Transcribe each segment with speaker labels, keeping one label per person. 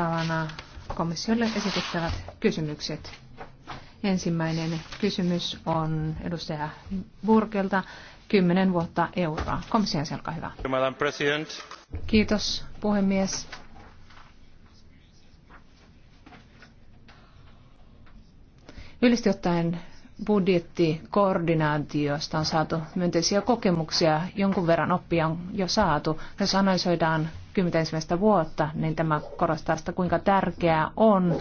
Speaker 1: Seuraavana komissiolle esitettävät kysymykset. Ensimmäinen kysymys on edustaja Burkelta, kymmenen vuotta euroa. Komission selkä hyvä. Kiitos puhemies. Yleisesti ottaen budjettikoordinaatiosta on saatu myönteisiä kokemuksia, jonkun verran oppia on jo saatu. Jos analysoidaan ensimmäistä vuotta, niin tämä korostaa sitä, kuinka tärkeää on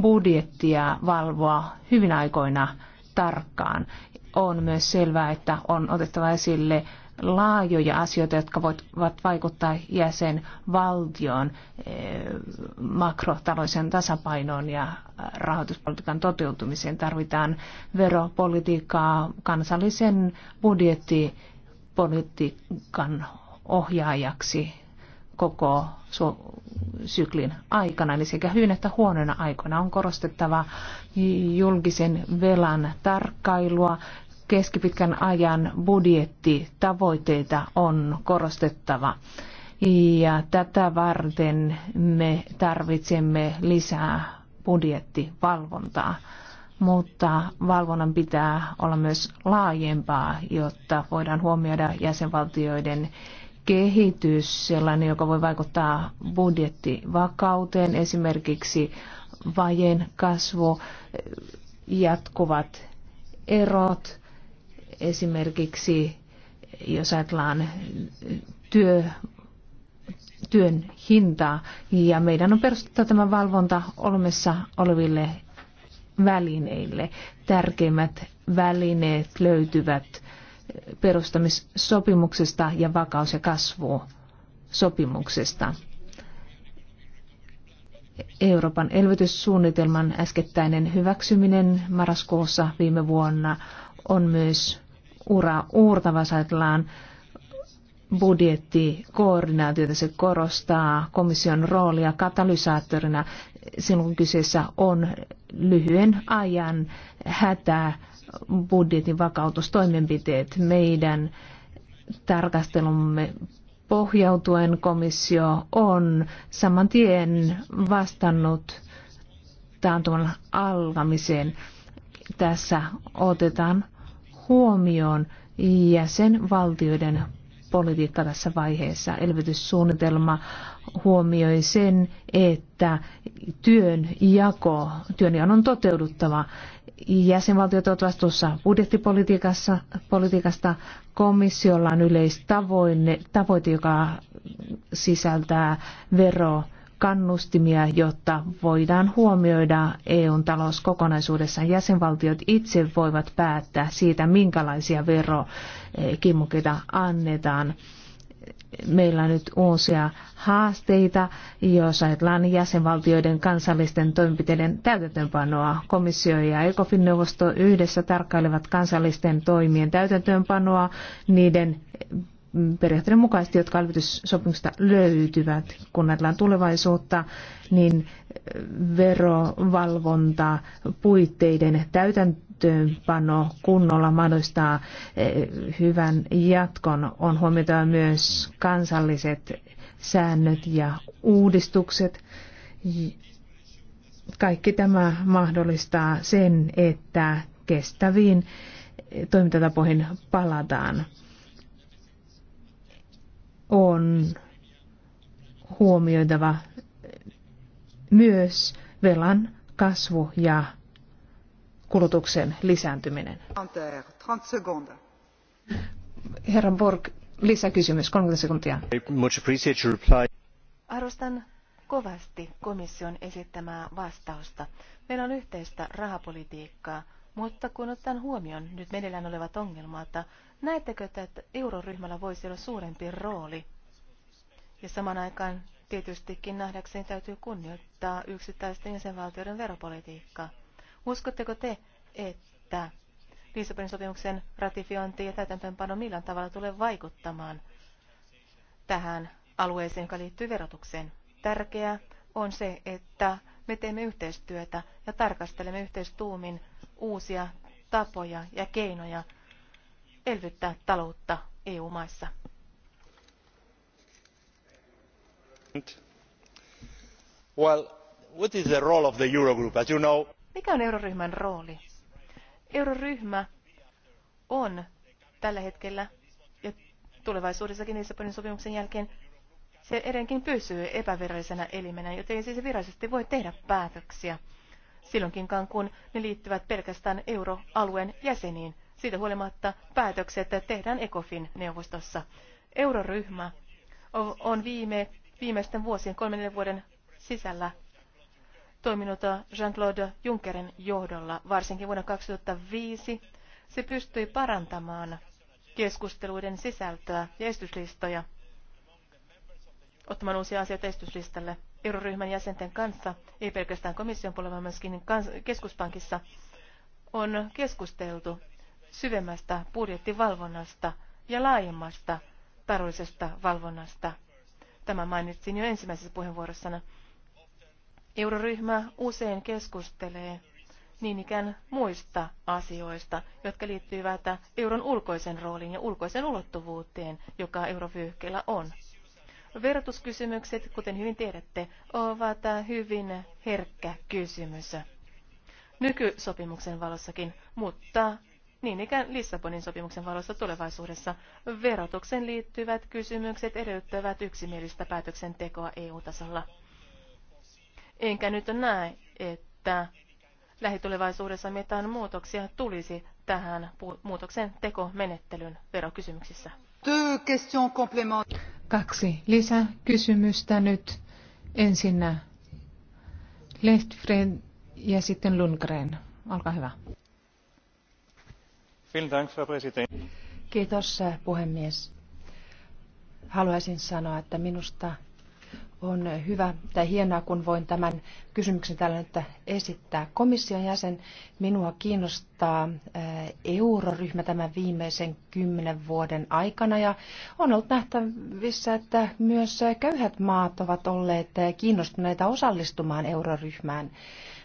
Speaker 1: budjettia valvoa hyvin aikoina tarkkaan. On myös selvää, että on otettava esille laajoja asioita, jotka voivat vaikuttaa jäsenvaltion eh, makrotaloisen tasapainoon ja rahoituspolitiikan toteutumiseen. Tarvitaan veropolitiikkaa, kansallisen budjettipolitiikan ohjaajaksi koko syklin aikana, eli sekä hyvin että huonoina aikoina on korostettava julkisen velan tarkkailua, keskipitkän ajan budjettitavoitteita on korostettava. Ja tätä varten me tarvitsemme lisää budjettivalvontaa, mutta valvonnan pitää olla myös laajempaa, jotta voidaan huomioida jäsenvaltioiden kehitys sellainen, joka voi vaikuttaa budjettivakauteen, esimerkiksi vajen kasvu, jatkuvat erot, esimerkiksi jos ajatellaan työ, työn hintaa, ja meidän on perustettava tämä valvonta olemassa oleville välineille. Tärkeimmät välineet löytyvät perustamissopimuksesta ja vakaus- ja kasvusopimuksesta. Euroopan elvytyssuunnitelman äskettäinen hyväksyminen marraskuussa viime vuonna on myös ura uurtava saatellaan budjettikoordinaatiota. Se korostaa komission roolia katalysaattorina silloin kyseessä on lyhyen ajan hätä budjetin vakautustoimenpiteet meidän tarkastelumme pohjautuen komissio on saman tien vastannut taantuman alkamiseen. Tässä otetaan huomioon jäsenvaltioiden politiikka tässä vaiheessa. Elvytyssuunnitelma huomioi sen, että työn jako, työnjaon on toteuduttava jäsenvaltiot ovat vastuussa budjettipolitiikasta. Komissiolla on yleistavoite, joka sisältää verokannustimia, kannustimia, jotta voidaan huomioida EUn talous kokonaisuudessaan. Jäsenvaltiot itse voivat päättää siitä, minkälaisia verokimmukeita annetaan meillä nyt uusia haasteita, jos ajatellaan jäsenvaltioiden kansallisten toimenpiteiden täytäntöönpanoa. Komissio ja ECOFIN-neuvosto yhdessä tarkkailevat kansallisten toimien täytäntöönpanoa niiden periaatteiden mukaisesti, jotka elvytyssopimuksesta löytyvät. Kun ajatellaan tulevaisuutta, niin verovalvonta puitteiden täytäntöönpanoa täytäntöönpano kunnolla mahdollistaa eh, hyvän jatkon. On huomioitava myös kansalliset säännöt ja uudistukset. Kaikki tämä mahdollistaa sen, että kestäviin toimintatapoihin palataan. On huomioitava myös velan kasvu ja kulutuksen lisääntyminen. Herra Borg, lisäkysymys, 30 sekuntia.
Speaker 2: Arvostan kovasti komission esittämää vastausta. Meillä on yhteistä rahapolitiikkaa, mutta kun otetaan huomioon nyt meneillään olevat ongelmat, näettekö, että euroryhmällä voisi olla suurempi rooli? Ja saman aikaan tietystikin nähdäkseni täytyy kunnioittaa yksittäisten jäsenvaltioiden veropolitiikkaa. Uskotteko te, että Lissabonin sopimuksen ratifiointi ja täytäntöönpano millään tavalla tulee vaikuttamaan tähän alueeseen, joka liittyy verotukseen? Tärkeää on se, että me teemme yhteistyötä ja tarkastelemme yhteistuumin uusia tapoja ja keinoja elvyttää taloutta EU-maissa.
Speaker 3: Well, what is the role of the Eurogroup? As you know,
Speaker 2: mikä on euroryhmän rooli? Euroryhmä on tällä hetkellä ja tulevaisuudessakin Lissabonin sopimuksen jälkeen se edenkin pysyy epävirallisena elimenä, joten ei siis virallisesti voi tehdä päätöksiä silloinkinkaan, kun ne liittyvät pelkästään euroalueen jäseniin. Siitä huolimatta päätökset tehdään ECOFIN neuvostossa. Euroryhmä on viime, viimeisten vuosien kolmen vuoden sisällä toiminut Jean-Claude Junckerin johdolla, varsinkin vuonna 2005. Se pystyi parantamaan keskusteluiden sisältöä ja esityslistoja, ottamaan uusia asioita esityslistalle euroryhmän jäsenten kanssa, ei pelkästään komission puolella, vaan myöskin keskuspankissa, on keskusteltu syvemmästä budjettivalvonnasta ja laajemmasta taloudellisesta valvonnasta. Tämä mainitsin jo ensimmäisessä puheenvuorossana. Euroryhmä usein keskustelee niin ikään muista asioista, jotka liittyvät euron ulkoisen rooliin ja ulkoisen ulottuvuuteen, joka eurovyöhykkeellä on. Verotuskysymykset, kuten hyvin tiedätte, ovat hyvin herkkä kysymys. Nykysopimuksen valossakin, mutta niin ikään Lissabonin sopimuksen valossa tulevaisuudessa verotuksen liittyvät kysymykset edellyttävät yksimielistä päätöksentekoa EU-tasolla. Enkä nyt näe, että lähitulevaisuudessa mitään muutoksia tulisi tähän muutoksen tekomenettelyn verokysymyksissä.
Speaker 1: Kaksi lisäkysymystä nyt. Ensinnä Lehtfred ja sitten Lundgren. Olkaa hyvä.
Speaker 3: Kiitos äh, puhemies. Haluaisin sanoa, että minusta on hyvä tai hienoa, kun voin tämän kysymyksen täällä nyt esittää. Komission jäsen, minua kiinnostaa euroryhmä tämän viimeisen kymmenen vuoden aikana ja on ollut nähtävissä, että myös köyhät maat ovat olleet kiinnostuneita osallistumaan euroryhmään.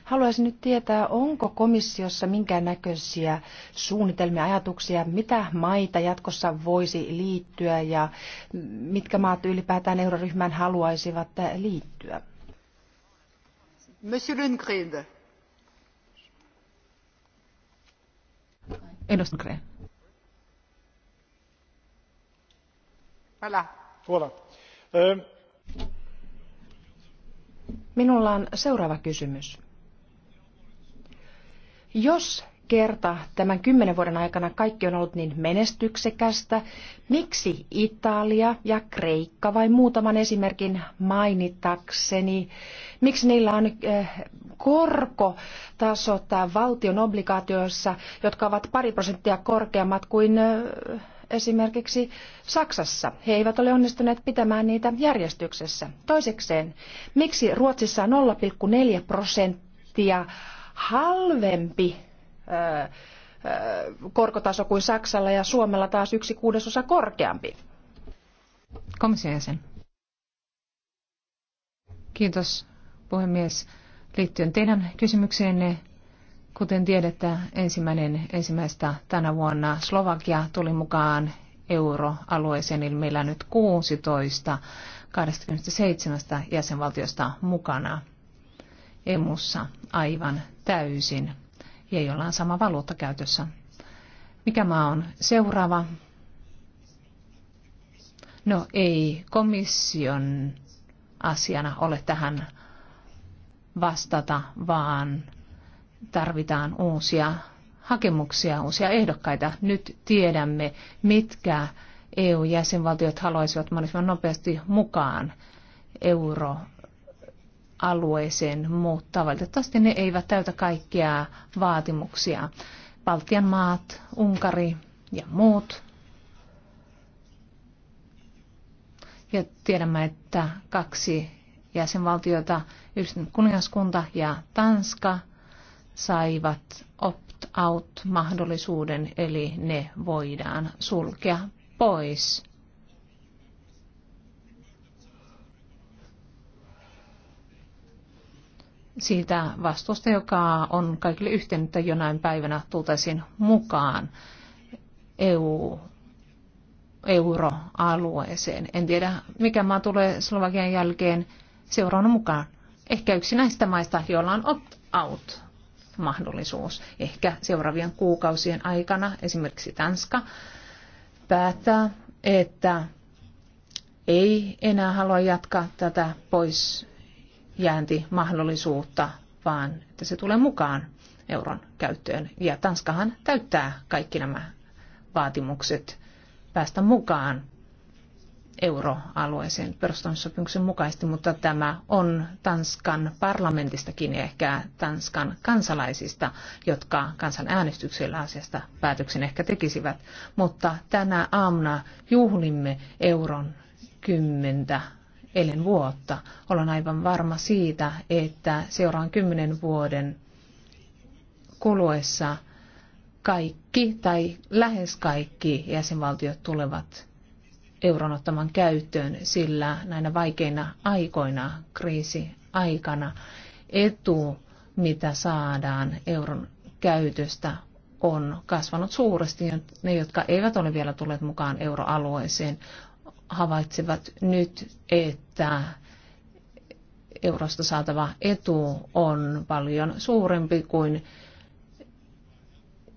Speaker 3: Haluaisin nyt tietää, onko komissiossa minkäännäköisiä suunnitelmia, ajatuksia, mitä maita jatkossa voisi liittyä ja mitkä maat ylipäätään euroryhmään haluaisivat liittyä?
Speaker 4: Monsieur Lundgren.
Speaker 3: Edustaja Minulla on seuraava kysymys. Jos kerta tämän kymmenen vuoden aikana kaikki on ollut niin menestyksekästä, miksi Italia ja Kreikka, vai muutaman esimerkin mainitakseni, miksi niillä on eh, korkotaso tai valtion obligaatioissa, jotka ovat pari prosenttia korkeammat kuin eh, esimerkiksi Saksassa. He eivät ole onnistuneet pitämään niitä järjestyksessä. Toisekseen, miksi Ruotsissa on 0,4 prosenttia halvempi korkotaso kuin Saksalla ja Suomella taas yksi kuudesosa korkeampi.
Speaker 1: Komission jäsen. Kiitos puhemies. Liittyen teidän kysymykseenne, kuten tiedätte, ensimmäinen ensimmäistä tänä vuonna Slovakia tuli mukaan euroalueeseen, eli meillä on nyt 16 27 jäsenvaltiosta mukana emussa aivan täysin ja jolla on sama valuutta käytössä. Mikä maa on seuraava? No ei komission asiana ole tähän vastata, vaan tarvitaan uusia hakemuksia, uusia ehdokkaita. Nyt tiedämme, mitkä EU-jäsenvaltiot haluaisivat mahdollisimman nopeasti mukaan euro alueeseen, mutta valitettavasti ne eivät täytä kaikkia vaatimuksia. Baltian maat, Unkari ja muut. Ja tiedämme, että kaksi jäsenvaltiota, Yhdistynyt kuningaskunta ja Tanska, saivat opt-out-mahdollisuuden, eli ne voidaan sulkea pois siitä vastuusta, joka on kaikille yhteen, että jonain päivänä tultaisiin mukaan EU, euroalueeseen. En tiedä, mikä maa tulee Slovakian jälkeen seuraavana mukaan. Ehkä yksi näistä maista, joilla on opt-out mahdollisuus. Ehkä seuraavien kuukausien aikana esimerkiksi Tanska päättää, että ei enää halua jatkaa tätä pois jääntimahdollisuutta, vaan että se tulee mukaan euron käyttöön. Ja Tanskahan täyttää kaikki nämä vaatimukset päästä mukaan euroalueeseen perustamissopimuksen mukaisesti, mutta tämä on Tanskan parlamentistakin ja ehkä Tanskan kansalaisista, jotka äänestyksellä asiasta päätöksen ehkä tekisivät. Mutta tänä aamuna juhlimme euron kymmentä ellen vuotta. Olen aivan varma siitä, että seuraan kymmenen vuoden kuluessa kaikki tai lähes kaikki jäsenvaltiot tulevat euron ottamaan käyttöön, sillä näinä vaikeina aikoina, kriisi aikana, etu, mitä saadaan euron käytöstä, on kasvanut suuresti. Ne, jotka eivät ole vielä tulleet mukaan euroalueeseen, havaitsevat nyt, että eurosta saatava etu on paljon suurempi kuin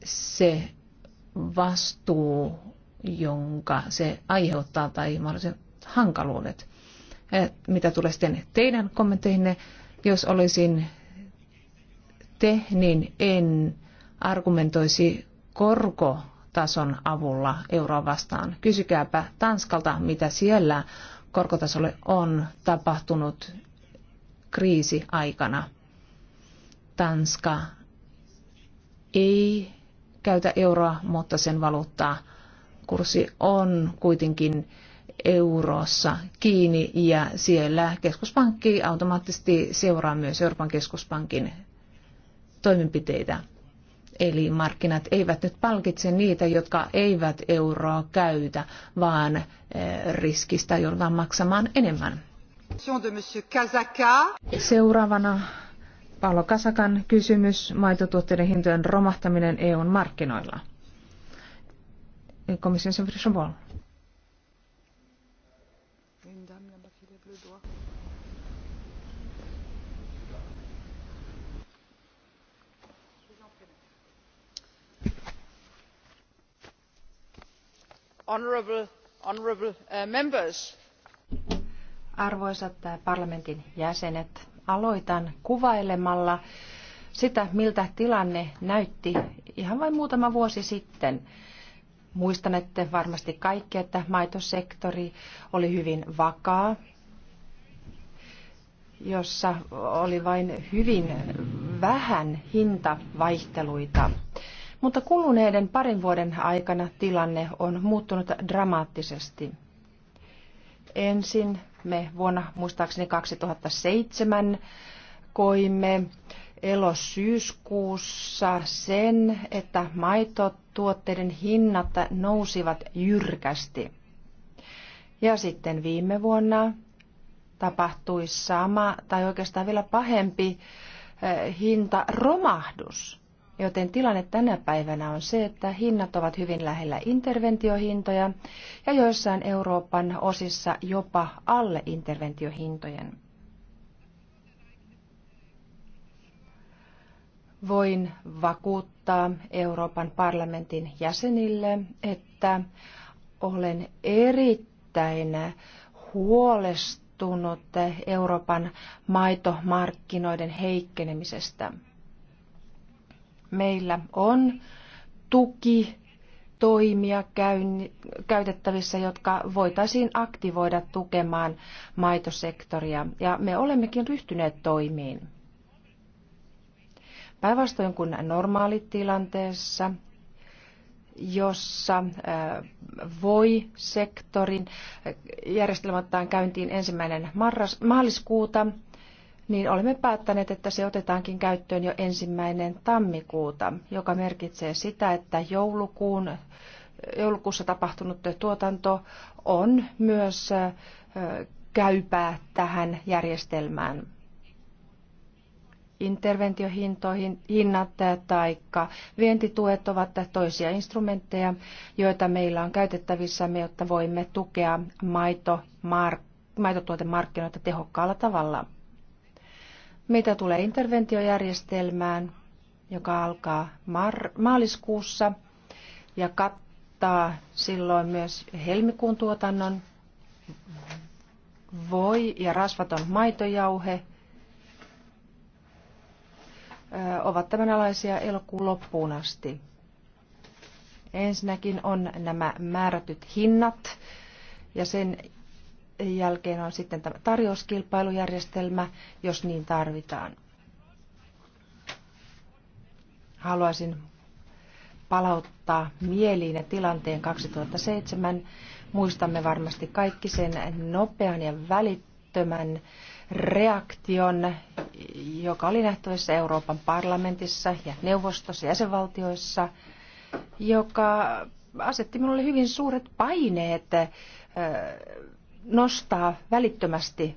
Speaker 1: se vastuu, jonka se aiheuttaa tai mahdolliset hankaluudet. Mitä tulee sitten teidän kommentteihinne, jos olisin te, niin en argumentoisi korko korkotason avulla euroa vastaan. Kysykääpä Tanskalta, mitä siellä korkotasolle on tapahtunut kriisi aikana. Tanska ei käytä euroa, mutta sen valuuttaa kurssi on kuitenkin eurossa kiinni ja siellä keskuspankki automaattisesti seuraa myös Euroopan keskuspankin toimenpiteitä. Eli markkinat eivät nyt palkitse niitä, jotka eivät euroa käytä, vaan eh, riskistä joudutaan maksamaan enemmän.
Speaker 4: Seuraavana
Speaker 1: Paolo Kasakan kysymys, maitotuotteiden hintojen romahtaminen EUn markkinoilla. Komission sen
Speaker 3: Uh, arvoisat uh, parlamentin jäsenet aloitan kuvailemalla sitä miltä tilanne näytti ihan vain muutama vuosi sitten. Muistanette varmasti kaikki, että maitosektori oli hyvin vakaa, jossa oli vain hyvin vähän hintavaihteluita mutta kuluneiden parin vuoden aikana tilanne on muuttunut dramaattisesti. Ensin me vuonna muistaakseni 2007 koimme elosyyskuussa sen, että maitotuotteiden hinnat nousivat jyrkästi. Ja sitten viime vuonna tapahtui sama tai oikeastaan vielä pahempi eh, hinta romahdus. Joten tilanne tänä päivänä on se, että hinnat ovat hyvin lähellä interventiohintoja ja joissain Euroopan osissa jopa alle interventiohintojen. Voin vakuuttaa Euroopan parlamentin jäsenille, että olen erittäin huolestunut Euroopan maitomarkkinoiden heikkenemisestä – meillä on tuki toimia käytettävissä, jotka voitaisiin aktivoida tukemaan maitosektoria. Ja me olemmekin ryhtyneet toimiin. Päinvastoin kuin normaalitilanteessa, jossa voi sektorin järjestelmä ottaa käyntiin ensimmäinen marras, maaliskuuta, niin olemme päättäneet, että se otetaankin käyttöön jo ensimmäinen tammikuuta, joka merkitsee sitä, että joulukuun, joulukuussa tapahtunut tuotanto on myös käypää tähän järjestelmään. Interventiohintoihin, hinnat tai vientituet ovat toisia instrumentteja, joita meillä on me, jotta voimme tukea maito, mar, maitotuotemarkkinoita tehokkaalla tavalla. Mitä tulee interventiojärjestelmään, joka alkaa maaliskuussa ja kattaa silloin myös helmikuun tuotannon, voi ja rasvaton maitojauhe ovat tämän alaisia elokuun loppuun asti. Ensinnäkin on nämä määrätyt hinnat ja sen jälkeen on sitten tämä tarjouskilpailujärjestelmä, jos niin tarvitaan. Haluaisin palauttaa mieliin ja tilanteen 2007. Muistamme varmasti kaikki sen nopean ja välittömän reaktion, joka oli nähtävissä Euroopan parlamentissa ja neuvostossa jäsenvaltioissa, joka asetti minulle hyvin suuret paineet nostaa välittömästi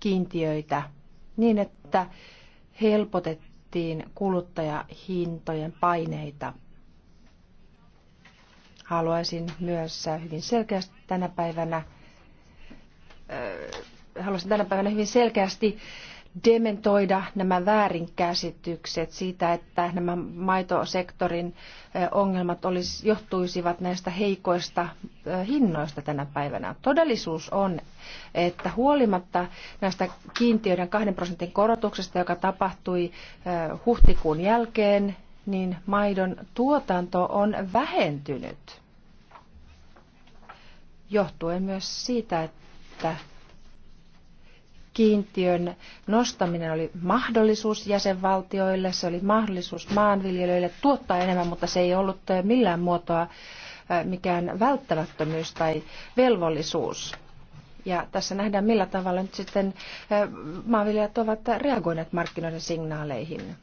Speaker 3: kiintiöitä niin, että helpotettiin kuluttajahintojen paineita. Haluaisin myös hyvin selkeästi tänä päivänä, haluaisin tänä päivänä hyvin selkeästi dementoida nämä väärinkäsitykset siitä, että nämä maitosektorin ongelmat olisi, johtuisivat näistä heikoista hinnoista tänä päivänä. Todellisuus on, että huolimatta näistä kiintiöiden kahden prosentin korotuksesta, joka tapahtui huhtikuun jälkeen, niin maidon tuotanto on vähentynyt. Johtuen myös siitä, että kiintiön nostaminen oli mahdollisuus jäsenvaltioille, se oli mahdollisuus maanviljelijöille tuottaa enemmän, mutta se ei ollut eh, millään muotoa eh, mikään välttämättömyys tai velvollisuus. Ja tässä nähdään, millä tavalla nyt sitten eh, maanviljelijät ovat reagoineet markkinoiden signaaleihin.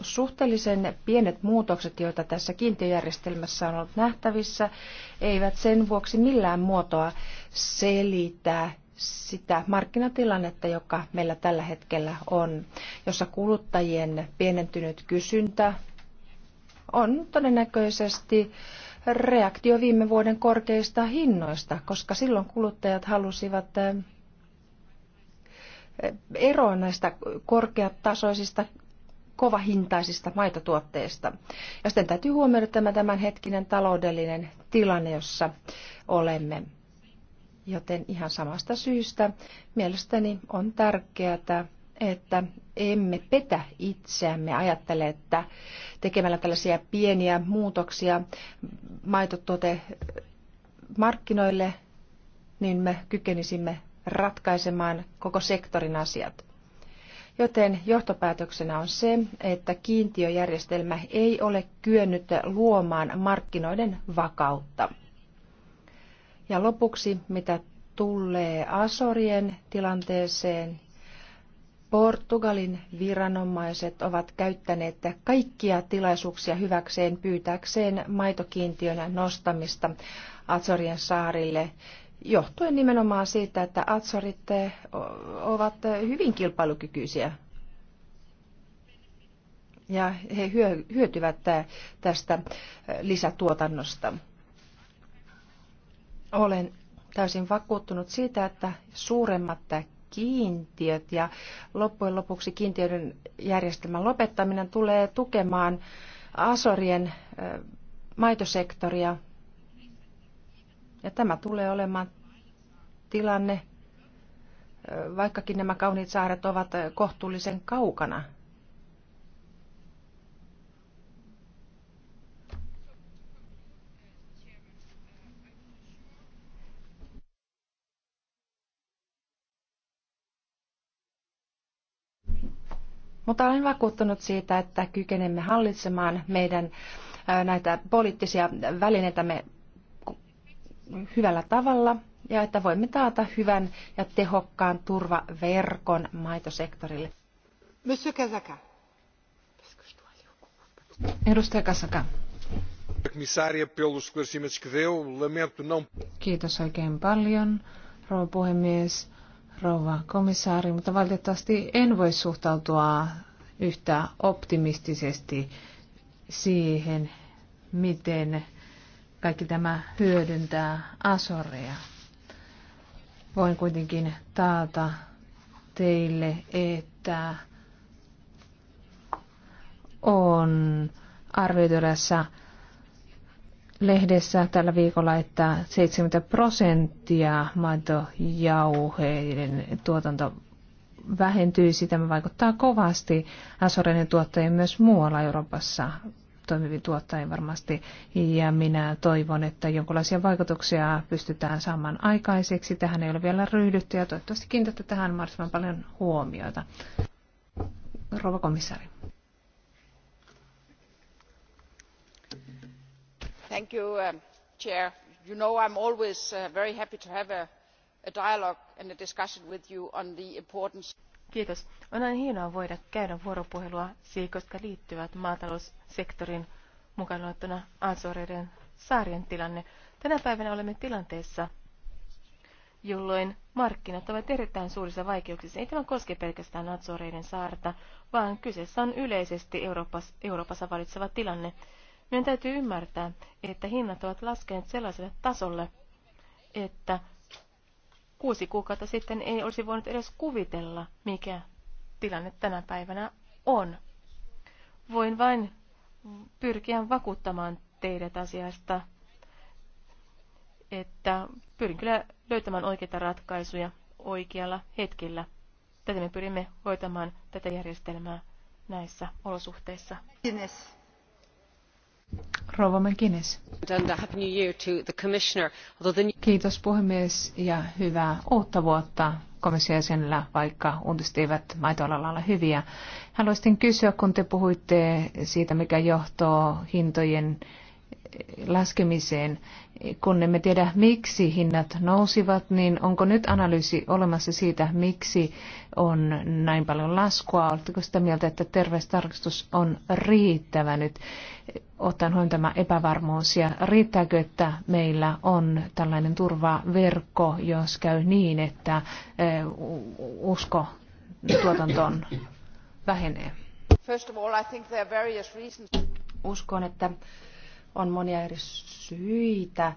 Speaker 3: Suhteellisen pienet muutokset, joita tässä kiintiöjärjestelmässä on ollut nähtävissä, eivät sen vuoksi millään muotoa selitä sitä markkinatilannetta, joka meillä tällä hetkellä on, jossa kuluttajien pienentynyt kysyntä on todennäköisesti reaktio viime vuoden korkeista hinnoista, koska silloin kuluttajat halusivat eh, eroa näistä korkeatasoisista kovahintaisista maitotuotteista. Ja sitten täytyy huomioida tämä tämänhetkinen taloudellinen tilanne, jossa olemme. Joten ihan samasta syystä mielestäni on tärkeää, että emme petä itseämme ajattele, että tekemällä tällaisia pieniä muutoksia maitotuote markkinoille, niin me kykenisimme ratkaisemaan koko sektorin asiat. Joten johtopäätöksenä on se, että kiintiöjärjestelmä ei ole kyennyt luomaan markkinoiden vakautta. Ja lopuksi, mitä tulee Asorien tilanteeseen, Portugalin viranomaiset ovat käyttäneet kaikkia tilaisuuksia hyväkseen pyytäkseen maitokiintiön nostamista Azorien saarille, johtuen nimenomaan siitä, että Azorit ovat hyvin kilpailukykyisiä ja he hyötyvät tästä lisätuotannosta. Olen täysin vakuuttunut siitä, että suuremmat kiintiöt ja loppujen lopuksi kiintiöiden järjestelmän lopettaminen tulee tukemaan Asorien maitosektoria. Ja tämä tulee olemaan tilanne, vaikkakin nämä kauniit saaret ovat kohtuullisen kaukana Mutta olen vakuuttunut siitä, että kykenemme hallitsemaan meidän näitä poliittisia välineitämme hyvällä tavalla ja että voimme taata hyvän ja tehokkaan turvaverkon maitosektorille.
Speaker 4: Monsieur Kazaka.
Speaker 3: Edustaja
Speaker 1: Kasaka. Kiitos oikein paljon, rouva puhemies rouva komissaari, mutta valitettavasti en voi suhtautua yhtä optimistisesti siihen, miten kaikki tämä hyödyntää Asoreja. Voin kuitenkin taata teille, että on arvioitudessa lehdessä tällä viikolla, että 70 prosenttia maitojauheiden tuotanto vähentyisi. Tämä vaikuttaa kovasti Asoreiden tuottajien myös muualla Euroopassa toimiviin tuottajiin varmasti. Ja minä toivon, että jonkinlaisia vaikutuksia pystytään saamaan aikaiseksi. Tähän ei ole vielä ryhdytty ja toivottavasti kiinnitätte tähän mahdollisimman paljon huomiota. Rouva komissaari.
Speaker 3: president um, you know i am always uh, very happy to have a dialogue and a discussion with you on the importance.
Speaker 2: kiitos. on aina hienoa voida käydä vuoropuhelua seikoista liittyvät maataloussektorin mukaan luettuna Azoreiden saarien tilanne. Tänä päivänä olemme tilanteessa, jolloin markkinat ovat erittäin suurissa vaikeuksissa. Ei tämä koske pelkästään Azoreiden saarta, vaan kyseessä on yleisesti Euroopassa, Euroopassa valitseva tilanne. Meidän täytyy ymmärtää, että hinnat ovat laskeneet sellaiselle tasolle, että kuusi kuukautta sitten ei olisi voinut edes kuvitella, mikä tilanne tänä päivänä on. Voin vain pyrkiä vakuuttamaan teidät asiasta, että pyrin kyllä löytämään oikeita ratkaisuja oikealla hetkellä. Tätä me pyrimme hoitamaan tätä järjestelmää näissä olosuhteissa.
Speaker 1: Kiitos puhemies ja hyvää uutta vuotta komissiojäsenellä, vaikka uutiset eivät maitoalalla ole hyviä. Haluaisin kysyä, kun te puhuitte siitä, mikä johtoo hintojen laskemiseen. Kun emme tiedä, miksi hinnat nousivat, niin onko nyt analyysi olemassa siitä, miksi on näin paljon laskua? Oletteko sitä mieltä, että terveystarkastus on riittävä nyt, ottaen huomioon tämä epävarmuus? Ja riittääkö, että meillä on tällainen turvaverkko, jos käy niin, että usko tuotantoon
Speaker 3: vähenee? First of all, I think there are various reasons. Uskon, että on monia eri syitä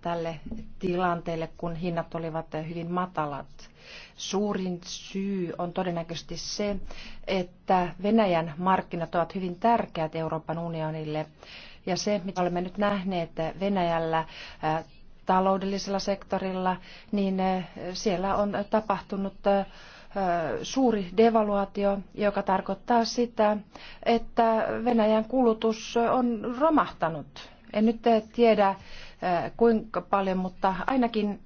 Speaker 3: tälle tilanteelle, kun hinnat olivat hyvin matalat. Suurin syy on todennäköisesti se, että Venäjän markkinat ovat hyvin tärkeät Euroopan unionille. Ja se, mitä olemme nyt nähneet Venäjällä taloudellisella sektorilla, niin siellä on tapahtunut suuri devaluaatio, joka tarkoittaa sitä, että Venäjän kulutus on romahtanut. En nyt tiedä kuinka paljon, mutta ainakin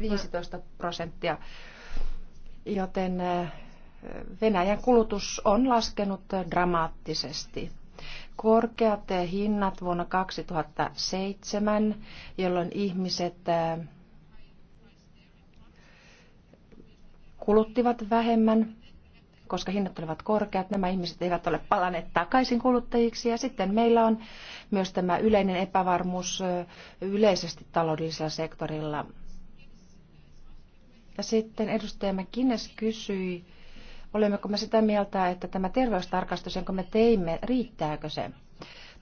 Speaker 3: 15 prosenttia. Joten Venäjän kulutus on laskenut dramaattisesti. Korkeat hinnat vuonna 2007, jolloin ihmiset kuluttivat vähemmän, koska hinnat olivat korkeat. Nämä ihmiset eivät ole palanneet takaisin kuluttajiksi. Ja sitten meillä on myös tämä yleinen epävarmuus yleisesti taloudellisella sektorilla. Ja sitten edustaja Mäkines kysyi, olemmeko me sitä mieltä, että tämä terveystarkastus, jonka me teimme, riittääkö se?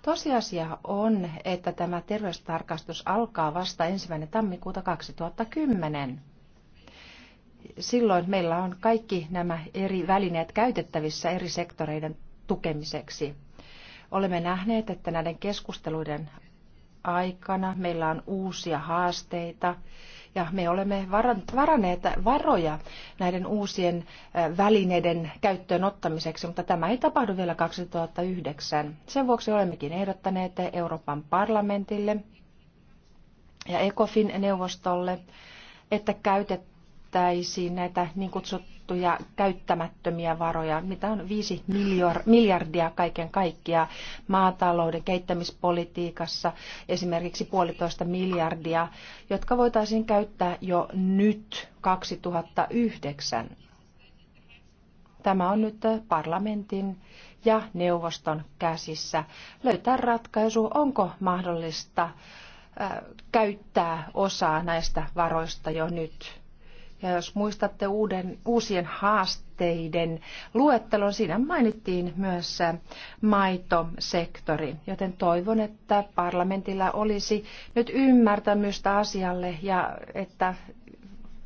Speaker 3: Tosiasia on, että tämä terveystarkastus alkaa vasta ensimmäinen tammikuuta 2010 silloin meillä on kaikki nämä eri välineet käytettävissä eri sektoreiden tukemiseksi. Olemme nähneet, että näiden keskusteluiden aikana meillä on uusia haasteita ja me olemme varanneet varoja näiden uusien välineiden käyttöön ottamiseksi, mutta tämä ei tapahdu vielä 2009. Sen vuoksi olemmekin ehdottaneet Euroopan parlamentille ja ECOFIN neuvostolle, että käytettäisiin käytettäisiin näitä niin kutsuttuja käyttämättömiä varoja, mitä on viisi miljardia kaiken kaikkiaan maatalouden kehittämispolitiikassa, esimerkiksi puolitoista miljardia, jotka voitaisiin käyttää jo nyt 2009. Tämä on nyt parlamentin ja neuvoston käsissä löytää ratkaisu, onko mahdollista käyttää osaa näistä varoista jo nyt ja jos muistatte uuden, uusien haasteiden luettelon, siinä mainittiin myös maitosektori, joten toivon, että parlamentilla olisi nyt ymmärtämystä asialle ja että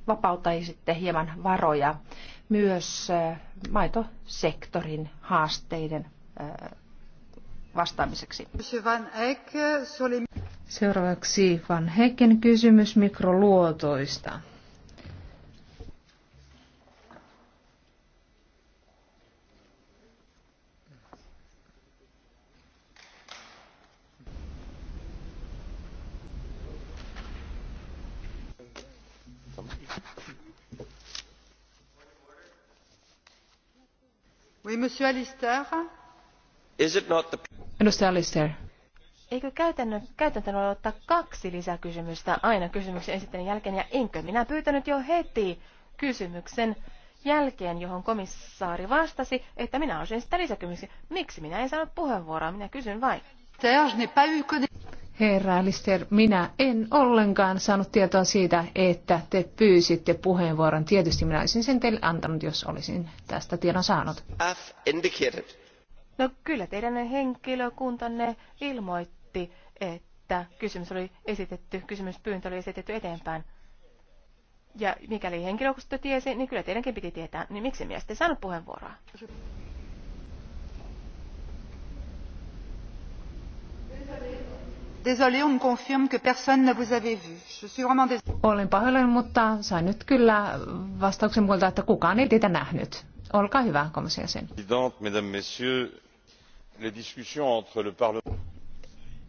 Speaker 3: vapauttaisitte hieman varoja myös maitosektorin haasteiden vastaamiseksi.
Speaker 1: Seuraavaksi Van Hecken kysymys mikroluotoista. Edustaja
Speaker 3: Lister.
Speaker 2: Eikö käytäntö ole ottaa kaksi lisäkysymystä aina kysymyksen esittelyn jälkeen, ja enkö minä pyytänyt jo heti kysymyksen jälkeen, johon komissaari vastasi, että minä olisin sitä lisäkysymyksiä. Miksi minä en saanut puheenvuoroa? Minä kysyn vain.
Speaker 1: Herra Alister, minä en ollenkaan saanut tietoa siitä, että te pyysitte puheenvuoron. Tietysti minä olisin sen teille antanut, jos olisin tästä tiedon saanut.
Speaker 2: No kyllä teidän henkilökuntanne ilmoitti, että kysymys oli esitetty, kysymyspyyntö oli esitetty eteenpäin. Ja mikäli henkilökunta tiesi, niin kyllä teidänkin piti tietää, niin miksi miestä saanut puheenvuoroa?
Speaker 1: Olen pahoillani, mutta sain nyt kyllä vastauksen muilta, että kukaan ei teitä nähnyt. Olkaa hyvä, komission jäsen.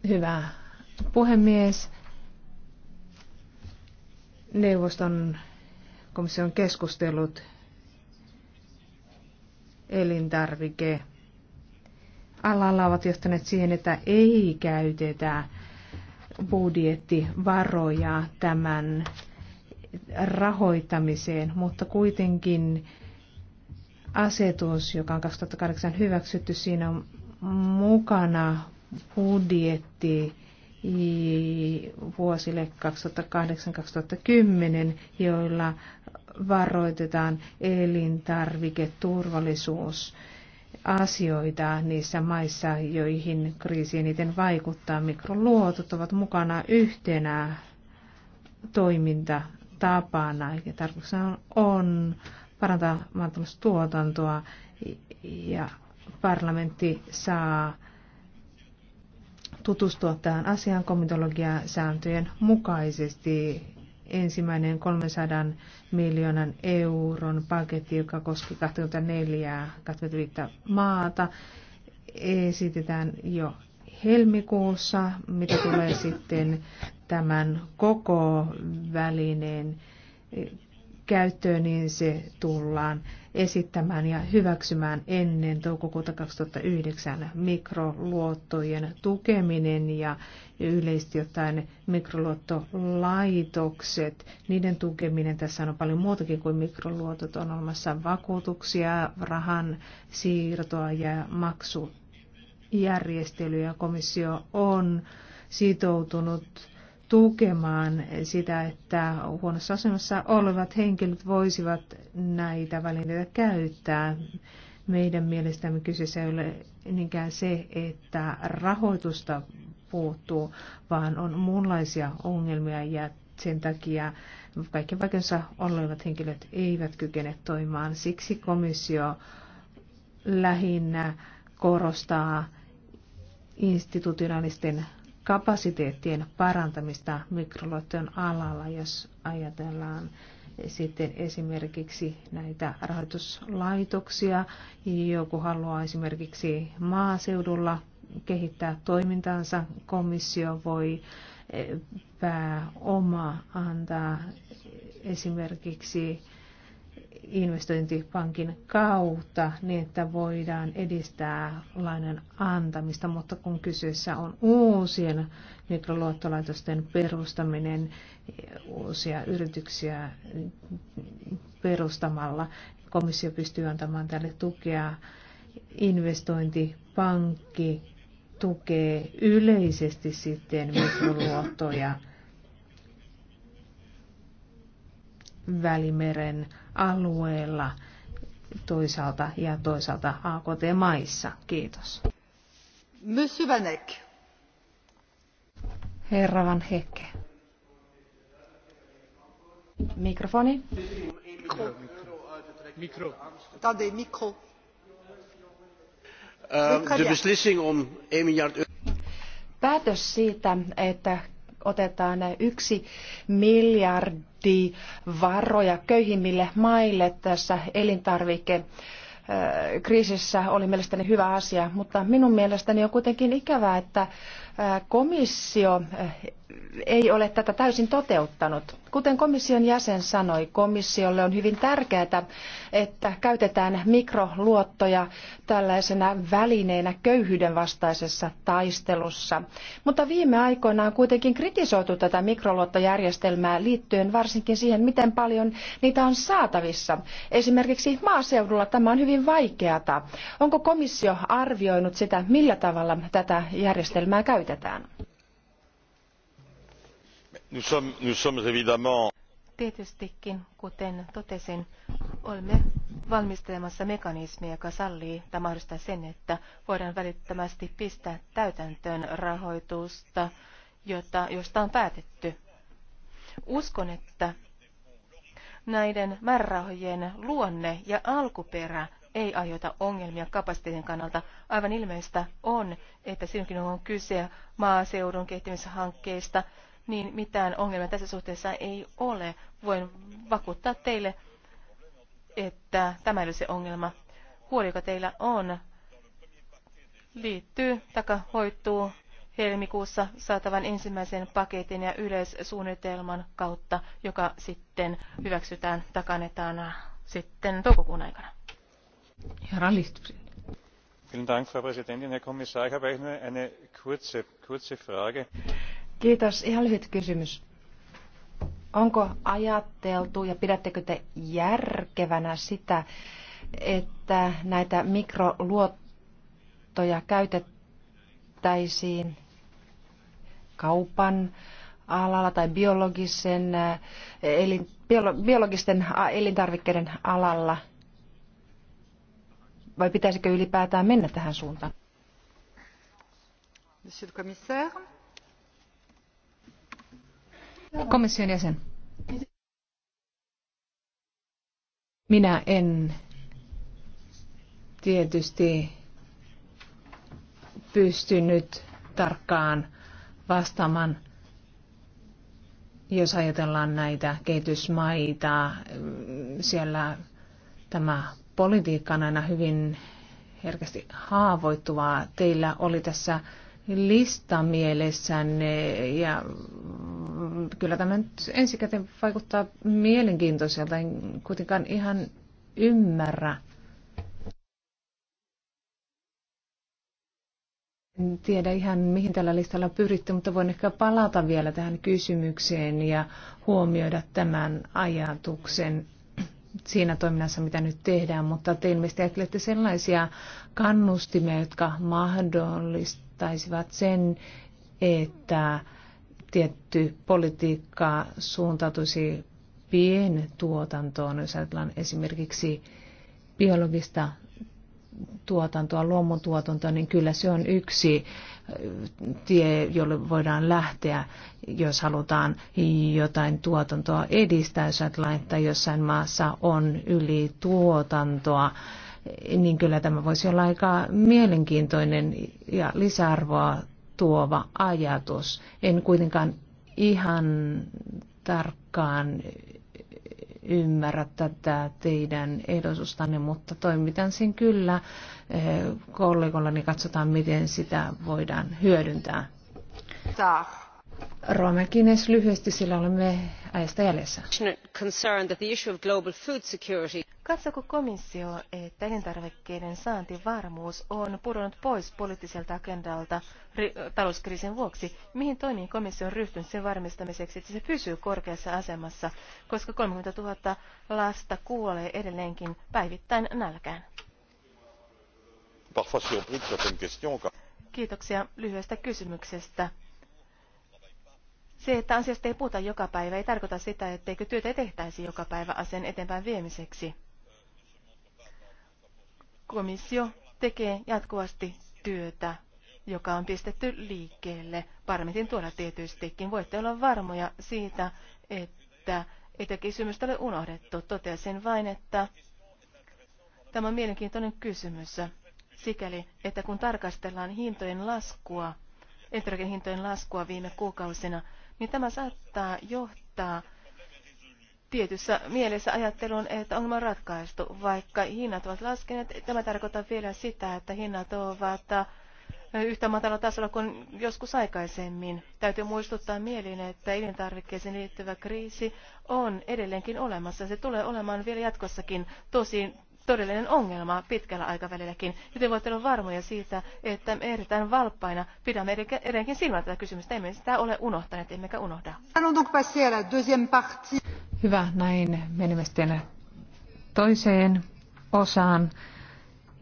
Speaker 1: Hyvä puhemies. Neuvoston komission keskustelut elintarvikealalla ovat johtaneet siihen, että ei käytetä budjettivaroja tämän rahoittamiseen, mutta kuitenkin asetus, joka on 2008 hyväksytty, siinä on mukana budjetti vuosille 2008-2010, joilla varoitetaan elintarviketurvallisuus. turvallisuus asioita niissä maissa, joihin kriisi eniten vaikuttaa. Mikroluotot ovat mukana yhtenä toimintatapana ja tarkoituksena on parantaa maataloustuotantoa ja parlamentti saa tutustua tähän asiaan komitologiasääntöjen mukaisesti ensimmäinen 300 miljoonan euron paketti, joka koski 24, 25 maata, esitetään jo helmikuussa, mitä tulee sitten tämän koko välineen käyttöön, niin se tullaan esittämään ja hyväksymään ennen toukokuuta 2009 mikroluottojen tukeminen ja yleisesti jotain mikroluottolaitokset, niiden tukeminen. Tässä on paljon muutakin kuin mikroluotot. On olemassa vakuutuksia, rahan siirtoa ja maksujärjestelyjä. Komissio on sitoutunut tukemaan sitä, että huonossa asemassa olevat henkilöt voisivat näitä välineitä käyttää. Meidän mielestämme kyseessä ei ole niinkään se, että rahoitusta puuttuu, vaan on muunlaisia ongelmia ja sen takia kaiken vaikensa olevat henkilöt eivät kykene toimimaan. Siksi komissio lähinnä korostaa institutionaalisten kapasiteettien parantamista mikroluottojen alalla, jos ajatellaan sitten esimerkiksi näitä rahoituslaitoksia. Joku haluaa esimerkiksi maaseudulla kehittää toimintaansa. Komissio voi eh, pääoma antaa esimerkiksi investointipankin kautta niin, että voidaan edistää lainan antamista, mutta kun kyseessä on uusien mikroluottolaitosten perustaminen, uusia yrityksiä perustamalla, komissio pystyy antamaan tälle tukea. Investointipankki tukee yleisesti sitten mikroluottoja Välimeren alueella toisaalta ja toisaalta AKT-maissa. Kiitos.
Speaker 4: Monsieur Vanek. Herra Van Hekke.
Speaker 3: Mikrofoni.
Speaker 2: Mikro. Mikro.
Speaker 3: Tade, mikro.
Speaker 2: Eh, de beslissing om 1 miljard
Speaker 3: Päätös siitä, että otetaan yksi miljardi varoja köyhimmille maille tässä elintarvike kriisissä oli mielestäni hyvä asia, mutta minun mielestäni on kuitenkin ikävää, että komissio ei ole tätä täysin toteuttanut. Kuten komission jäsen sanoi, komissiolle on hyvin tärkeää, että käytetään mikroluottoja tällaisena välineenä köyhyyden vastaisessa taistelussa. Mutta viime aikoina on kuitenkin kritisoitu tätä mikroluottojärjestelmää liittyen varsinkin siihen, miten paljon niitä on saatavissa. Esimerkiksi maaseudulla tämä on hyvin vaikeata. Onko komissio arvioinut sitä, millä tavalla
Speaker 2: tätä järjestelmää käytetään? käytetään. Tietystikin, kuten totesin, olemme valmistelemassa mekanismia, joka sallii tai mahdollistaa sen, että voidaan välittömästi pistää täytäntöön rahoitusta, jota, josta on päätetty. Uskon, että näiden määrärahojen luonne ja alkuperä ei aiheuta ongelmia kapasiteetin kannalta. Aivan ilmeistä on, että silloinkin on kyse maaseudun kehittämishankkeista, niin mitään ongelmia tässä suhteessa ei ole. Voin vakuuttaa teille, että tämä ei ole se ongelma. Huoli, joka teillä on, liittyy takahoittuu helmikuussa saatavan ensimmäisen paketin ja yleissuunnitelman kautta, joka sitten hyväksytään takannetaan sitten toukokuun aikana. Frau Präsidentin, Herr Kommissar, ich habe eigentlich eine kurze, Frage.
Speaker 3: lyhyt kysymys. Onko ajateltu ja pidättekö te järkevänä sitä, että näitä mikroluottoja käytettäisiin kaupan alalla tai äh, biologisten äh, elintarvikkeiden alalla – vai pitäisikö ylipäätään mennä tähän suuntaan?
Speaker 4: Monsieur le commissaire.
Speaker 1: Komission jäsen. Minä en tietysti pystynyt nyt tarkkaan vastaamaan, jos ajatellaan näitä kehitysmaita. Siellä tämä politiikka on aina hyvin herkästi haavoittuvaa. Teillä oli tässä lista mielessänne ja kyllä tämä nyt ensikäteen vaikuttaa mielenkiintoiselta, en kuitenkaan ihan ymmärrä. En tiedä ihan mihin tällä listalla on pyritty, mutta voin ehkä palata vielä tähän kysymykseen ja huomioida tämän ajatuksen siinä toiminnassa, mitä nyt tehdään, mutta te ilmeisesti ajattelette sellaisia kannustimia, jotka mahdollistaisivat sen, että tietty politiikka suuntautuisi pientuotantoon, jos ajatellaan esimerkiksi biologista tuotantoa, luomutuotantoa, niin kyllä se on yksi tie, jolle voidaan lähteä, jos halutaan jotain tuotantoa edistää. Jos ajatellaan, että jossain maassa on yli tuotantoa, niin kyllä tämä voisi olla aika mielenkiintoinen ja lisäarvoa tuova ajatus. En kuitenkaan ihan tarkkaan ymmärrä tätä teidän ehdotustanne, mutta toimitan sen kyllä niin Katsotaan, miten sitä voidaan hyödyntää. roma Kines lyhyesti, sillä olemme ajasta jäljessä.
Speaker 2: that the issue of global food security Katsoko komissio, että elintarvikkeiden saantivarmuus on pudonnut pois poliittiselta agendalta talouskriisin vuoksi? Mihin toimiin komissio on ryhtynyt sen varmistamiseksi, että se pysyy korkeassa asemassa, koska 30 000 lasta kuolee edelleenkin päivittäin nälkään? Kiitoksia lyhyestä kysymyksestä. Se, että asiasta ei puhuta joka päivä, ei tarkoita sitä, etteikö työtä tehtäisi joka päivä asian eteenpäin viemiseksi. Komissio tekee jatkuvasti työtä, joka on pistetty liikkeelle. Parmitin tuolla tietystikin. Voitte olla varmoja siitä, että eikä kysymystä ole unohdettu. Totesin vain, että tämä on mielenkiintoinen kysymys sikäli, että kun tarkastellaan hintojen laskua, hintojen laskua viime kuukausina, niin tämä saattaa johtaa tietyssä mielessä ajattelun, että ongelma on ratkaistu. Vaikka hinnat ovat laskeneet, tämä tarkoittaa vielä sitä, että hinnat ovat äh, yhtä matalalla tasolla kuin joskus aikaisemmin. Täytyy muistuttaa mieliin, että elintarvikkeisiin liittyvä kriisi on edelleenkin olemassa. Se tulee olemaan vielä jatkossakin. Tosin todellinen ongelma pitkällä aikavälilläkin, joten voitte olla varmoja siitä, että me erittäin valppaina pidämme edelleenkin silmällä tätä kysymystä. Emme sitä ole unohtaneet, emmekä unohda.
Speaker 1: Hyvä, näin menemme sitten toiseen osaan.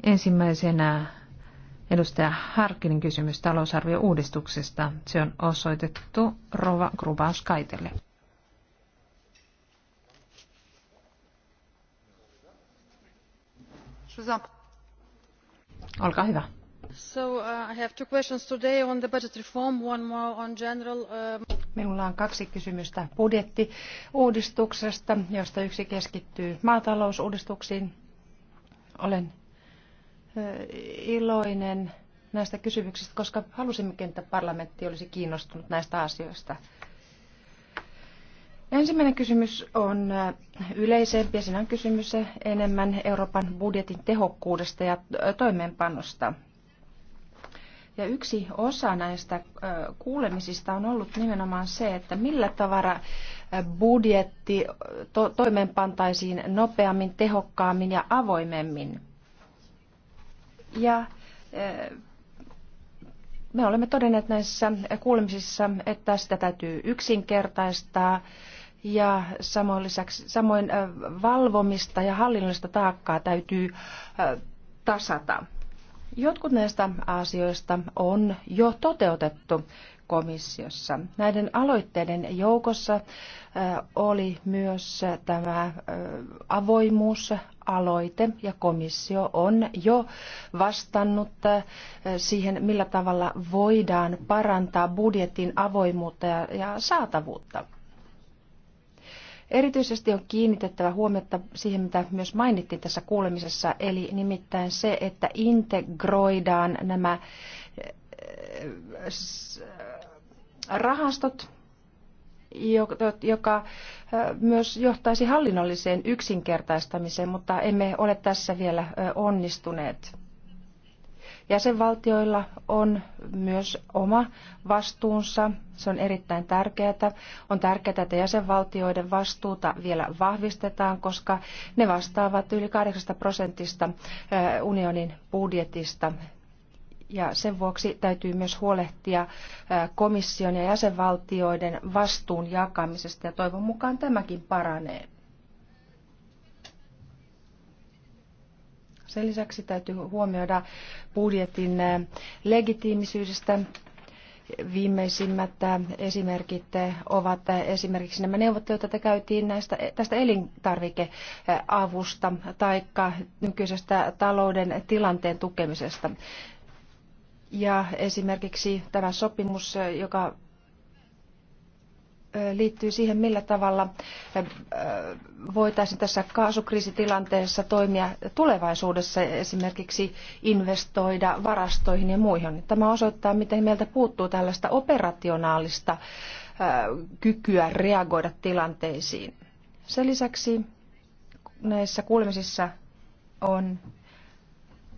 Speaker 1: Ensimmäisenä edustaja Harkinin kysymys talousarvio uudistuksesta. Se on osoitettu Rova Grubauskaitelle. Olkaa hyvä.
Speaker 3: Minulla on kaksi kysymystä budjettiuudistuksesta, josta yksi keskittyy maatalousuudistuksiin. Olen iloinen näistä kysymyksistä, koska halusimmekin, että parlamentti olisi kiinnostunut näistä asioista. Ensimmäinen kysymys on äh, yleisempi ja siinä on kysymys äh, enemmän Euroopan budjetin tehokkuudesta ja äh, toimeenpanosta. Ja yksi osa näistä kuulemisista on ollut nimenomaan se, että millä tavalla budjetti to- toimeenpantaisiin nopeammin, tehokkaammin ja avoimemmin. Ja me olemme todenneet näissä kuulemisissa, että sitä täytyy yksinkertaistaa, ja samoin, lisäksi, samoin valvomista ja hallinnollista taakkaa täytyy tasata. Jotkut näistä asioista on jo toteutettu komissiossa. Näiden aloitteiden joukossa oli myös tämä avoimuusaloite ja komissio on jo vastannut siihen, millä tavalla voidaan parantaa budjetin avoimuutta ja saatavuutta. Erityisesti on kiinnitettävä huomiota siihen, mitä myös mainittiin tässä kuulemisessa, eli nimittäin se, että integroidaan nämä eh, rahastot, joka eh, myös johtaisi hallinnolliseen yksinkertaistamiseen, mutta emme ole tässä vielä eh, onnistuneet. Jäsenvaltioilla on myös oma vastuunsa. Se on erittäin tärkeää. On tärkeää, että jäsenvaltioiden vastuuta vielä vahvistetaan, koska ne vastaavat yli 8 prosentista unionin budjetista ja sen vuoksi täytyy myös huolehtia komission ja jäsenvaltioiden vastuun jakamisesta ja toivon mukaan tämäkin paranee. Sen lisäksi täytyy huomioida budjetin eh, legitiimisyydestä. Viimeisimmät eh, esimerkit eh, ovat esimerkiksi nämä neuvottelut, joita käytiin näistä, tästä elintarvikeavusta tai nykyisestä talouden tilanteen tukemisesta. Ja esimerkiksi tämä sopimus, joka liittyy siihen, millä tavalla voitaisiin tässä kaasukriisitilanteessa toimia tulevaisuudessa, esimerkiksi investoida varastoihin ja muihin. Tämä osoittaa, miten meiltä puuttuu tällaista operationaalista kykyä reagoida tilanteisiin. Sen lisäksi näissä kuulemisissa on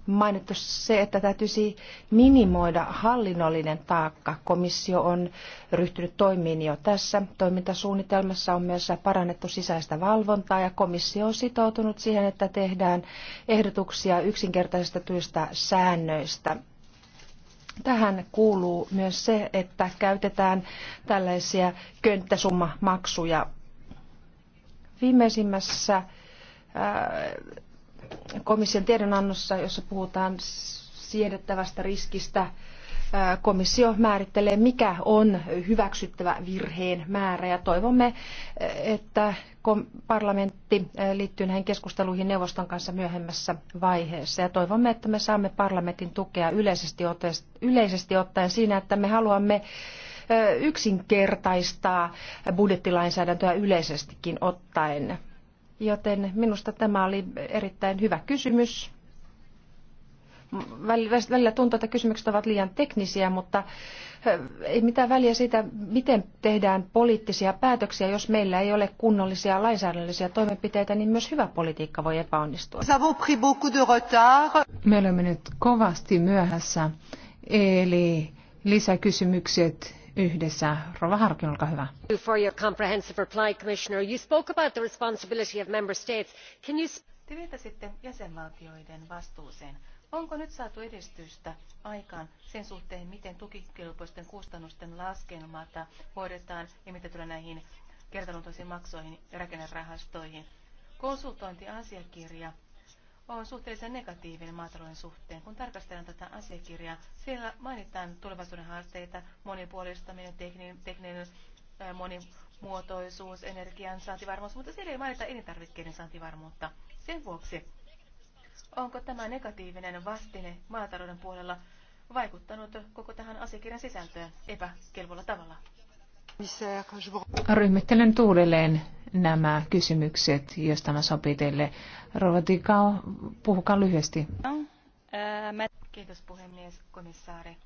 Speaker 3: mainittu se, että täytyisi minimoida hallinnollinen taakka. Komissio on ryhtynyt toimiin jo tässä. Toimintasuunnitelmassa on myös parannettu sisäistä valvontaa ja komissio on sitoutunut siihen, että tehdään ehdotuksia yksinkertaistetuista säännöistä. Tähän kuuluu myös se, että käytetään tällaisia könttäsummamaksuja. Viimeisimmässä komission tiedonannossa, jossa puhutaan siedettävästä riskistä, komissio määrittelee, mikä on hyväksyttävä virheen määrä ja toivomme, että parlamentti liittyy näihin keskusteluihin neuvoston kanssa myöhemmässä vaiheessa ja toivomme, että me saamme parlamentin tukea yleisesti ottaen siinä, että me haluamme yksinkertaistaa budjettilainsäädäntöä yleisestikin ottaen Joten minusta tämä oli erittäin hyvä kysymys. Välillä tuntuu, että kysymykset ovat liian teknisiä, mutta ei mitään väliä siitä, miten tehdään poliittisia päätöksiä. Jos meillä ei ole kunnollisia lainsäädännöllisiä toimenpiteitä, niin myös hyvä politiikka voi epäonnistua.
Speaker 1: Me olemme nyt kovasti myöhässä, eli lisäkysymykset yhdessä. Rova Harkin, olkaa hyvä.
Speaker 2: For your comprehensive reply, Commissioner. You spoke about the responsibility of member states. Can you... Te viittasitte jäsenvaltioiden vastuuseen. Onko nyt saatu edistystä aikaan sen suhteen, miten tukikelpoisten kustannusten laskelmata hoidetaan ja mitä tulee näihin kertaluontoisiin maksoihin ja rakennerahastoihin? Konsultointiasiakirja on suhteellisen negatiivinen maatalouden suhteen. Kun tarkastellaan tätä asiakirjaa, siellä mainitaan tulevaisuuden haasteita, monipuolistaminen, tekninen monimuotoisuus, energian saantivarmuus, mutta siellä ei mainita elintarvikkeiden saantivarmuutta. Sen vuoksi, onko tämä negatiivinen vastine maatalouden puolella vaikuttanut koko tähän asiakirjan sisältöön epäkelvolla tavalla?
Speaker 4: Ryhmittelen
Speaker 1: tuulelleen nämä kysymykset, jos tämä sopii teille. Rovatika, puhukaa lyhyesti.
Speaker 2: Kiitos puhemies, komissaari.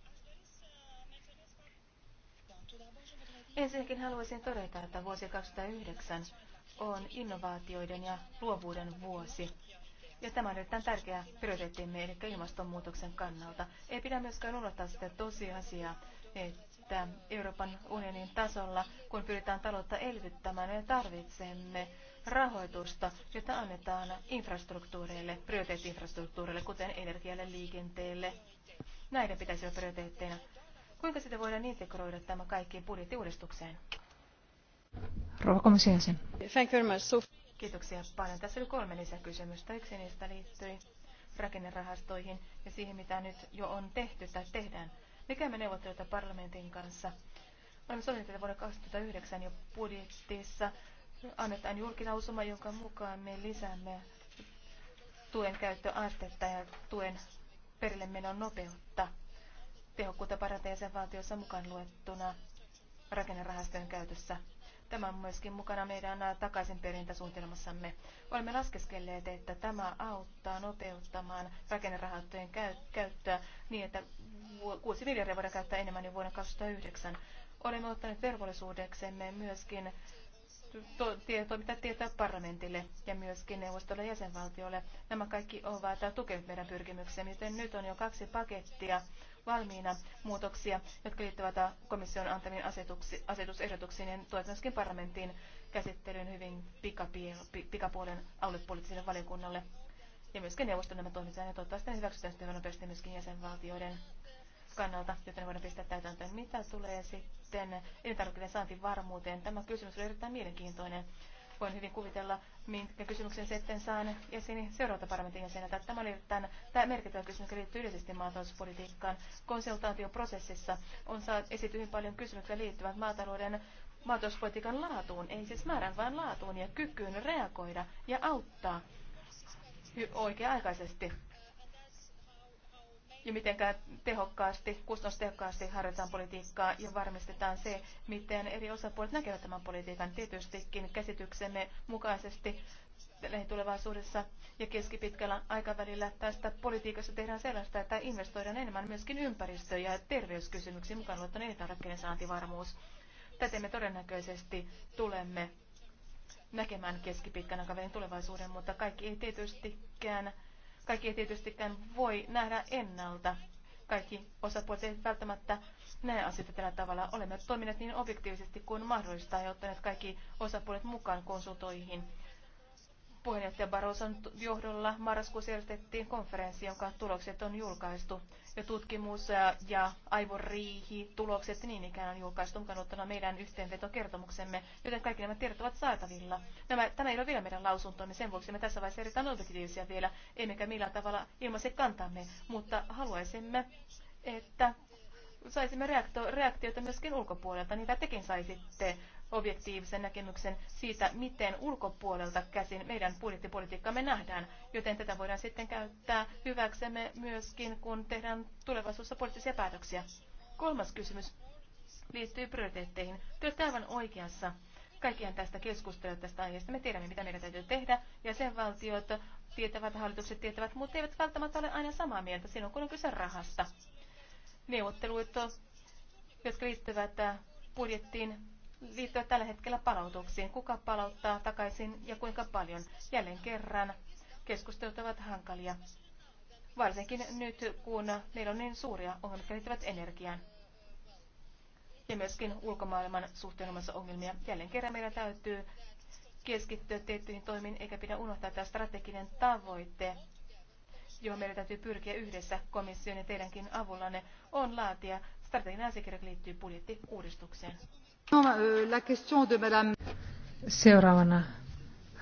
Speaker 2: Ensinnäkin haluaisin todeta, että vuosi 2009 on innovaatioiden ja luovuuden vuosi. Ja tämä on erittäin tärkeä prioriteettimme, eli ilmastonmuutoksen kannalta. Ei pidä myöskään unohtaa sitä tosiasiaa, että että Euroopan unionin tasolla, kun pyritään taloutta elvyttämään, me tarvitsemme rahoitusta, jota annetaan infrastruktuureille, prioriteettiinfrastruktuureille, kuten energialle, liikenteelle. Näiden pitäisi olla prioriteetteina. Kuinka sitä voidaan integroida tämä kaikkiin budjettiuudistukseen?
Speaker 4: Rouva
Speaker 1: komission
Speaker 2: Thank you much. Kiitoksia paljon. Tässä oli kolme lisäkysymystä. Yksi niistä liittyi rakennerahastoihin ja siihen, mitä nyt jo on tehty tai tehdään me käymme neuvotteluita parlamentin kanssa. Olemme sovineet, että vuonna 2009 jo budjetissa annetaan julkilausuma, jonka mukaan me lisäämme tuen käyttöastetta ja tuen perille menon nopeutta. Tehokkuutta parantaa jäsenvaltiossa mukaan luettuna rakennerahastojen käytössä. Tämä on myöskin mukana meidän takaisinperintäsuunnitelmassamme. Olemme laskeskelleet, että tämä auttaa nopeuttamaan rakennerahastojen käyttöä niin, että Kuusi miljardia voidaan käyttää enemmän niin vuonna 2009. Olemme ottaneet velvollisuudeksemme myöskin toimittaa tietoa parlamentille ja myöskin neuvostolle ja jäsenvaltiolle. Nämä kaikki ovat tukeneet meidän pyrkimyksemme, joten nyt on jo kaksi pakettia valmiina muutoksia, jotka liittyvät komission antamiin asetusehdotuksiin ja tuet myöskin parlamentin käsittelyyn hyvin pikapuolen aluepoliittiselle valiokunnalle. Ja myöskin neuvoston nämä toimitaan ja toivottavasti ne hyväksytään sitten nopeasti myöskin jäsenvaltioiden kannalta, joten voidaan pistää täytäntöön. Mitä tulee sitten elintarvikkeiden varmuuteen. Tämä kysymys on erittäin mielenkiintoinen. Voin hyvin kuvitella, minkä kysymyksen sitten saan esiin seuraavalta parlamentin jäsenetä. Tämä oli tämän, tämä merkittävä kysymys liittyy yleisesti maatalouspolitiikkaan. Konsultaatioprosessissa on saanut hyvin paljon kysymyksiä liittyvät maatalouden maatalouspolitiikan laatuun, ei siis määrän vaan laatuun ja kykyyn reagoida ja auttaa oikea-aikaisesti ja miten tehokkaasti, kustannustehokkaasti harjoitetaan politiikkaa ja varmistetaan se, miten eri osapuolet näkevät tämän politiikan. Tietystikin käsityksemme mukaisesti lähitulevaisuudessa ja keskipitkällä aikavälillä tästä politiikasta tehdään sellaista, että investoidaan enemmän myöskin ympäristö- ja terveyskysymyksiin mukaan luottuna elintarvikkeiden saantivarmuus. Täten me todennäköisesti tulemme näkemään keskipitkän aikavälin tulevaisuuden, mutta kaikki ei tietystikään kaikki ei tietystikään voi nähdä ennalta. Kaikki osapuolet eivät välttämättä näe asioita tällä tavalla. Olemme toimineet niin objektiivisesti kuin mahdollista ja ottaneet kaikki osapuolet mukaan konsultoihin. Puheenjohtaja Barroson johdolla marraskuussa järjestettiin konferenssi, jonka tulokset on julkaistu. Ja tutkimus ja aivoriihi, tulokset niin ikään on julkaistu mukaan ottana meidän yhteenvetokertomuksemme, joten kaikki nämä tiedot ovat saatavilla. Nämä, tämä ei ole vielä meidän lausuntomme, sen vuoksi me tässä vaiheessa erittäin objektiivisia vielä, emmekä millään tavalla ilmaise kantamme, mutta haluaisimme, että saisimme reaktio, reaktioita myöskin ulkopuolelta, niitä tekin saisitte objektiivisen näkemyksen siitä, miten ulkopuolelta käsin meidän budjettipolitiikkamme nähdään, joten tätä voidaan sitten käyttää hyväksemme myöskin, kun tehdään tulevaisuudessa poliittisia päätöksiä. Kolmas kysymys liittyy prioriteetteihin. Te olette aivan oikeassa. Kaikkihan tästä keskustelua tästä aiheesta. Me tiedämme, mitä meidän täytyy tehdä. ja sen valtiot tietävät, hallitukset tietävät, mutta eivät välttämättä ole aina samaa mieltä silloin, kun on kyse rahasta. Neuvotteluita, jotka liittyvät budjettiin, liittyä tällä hetkellä palautuksiin. Kuka palauttaa takaisin ja kuinka paljon? Jälleen kerran keskustelut ovat hankalia. Varsinkin nyt, kun meillä on niin suuria ongelmia, jotka liittyvät energiaan. Ja myöskin ulkomaailman suhteen omassa ongelmia. Jälleen kerran meidän täytyy keskittyä tiettyihin toimiin, eikä pidä unohtaa tämä strateginen tavoite, johon meidän täytyy pyrkiä yhdessä komission ja teidänkin avullanne, on laatia strateginen asiakirja liittyy budjettiuudistukseen.
Speaker 4: Euh,
Speaker 1: Seuraavana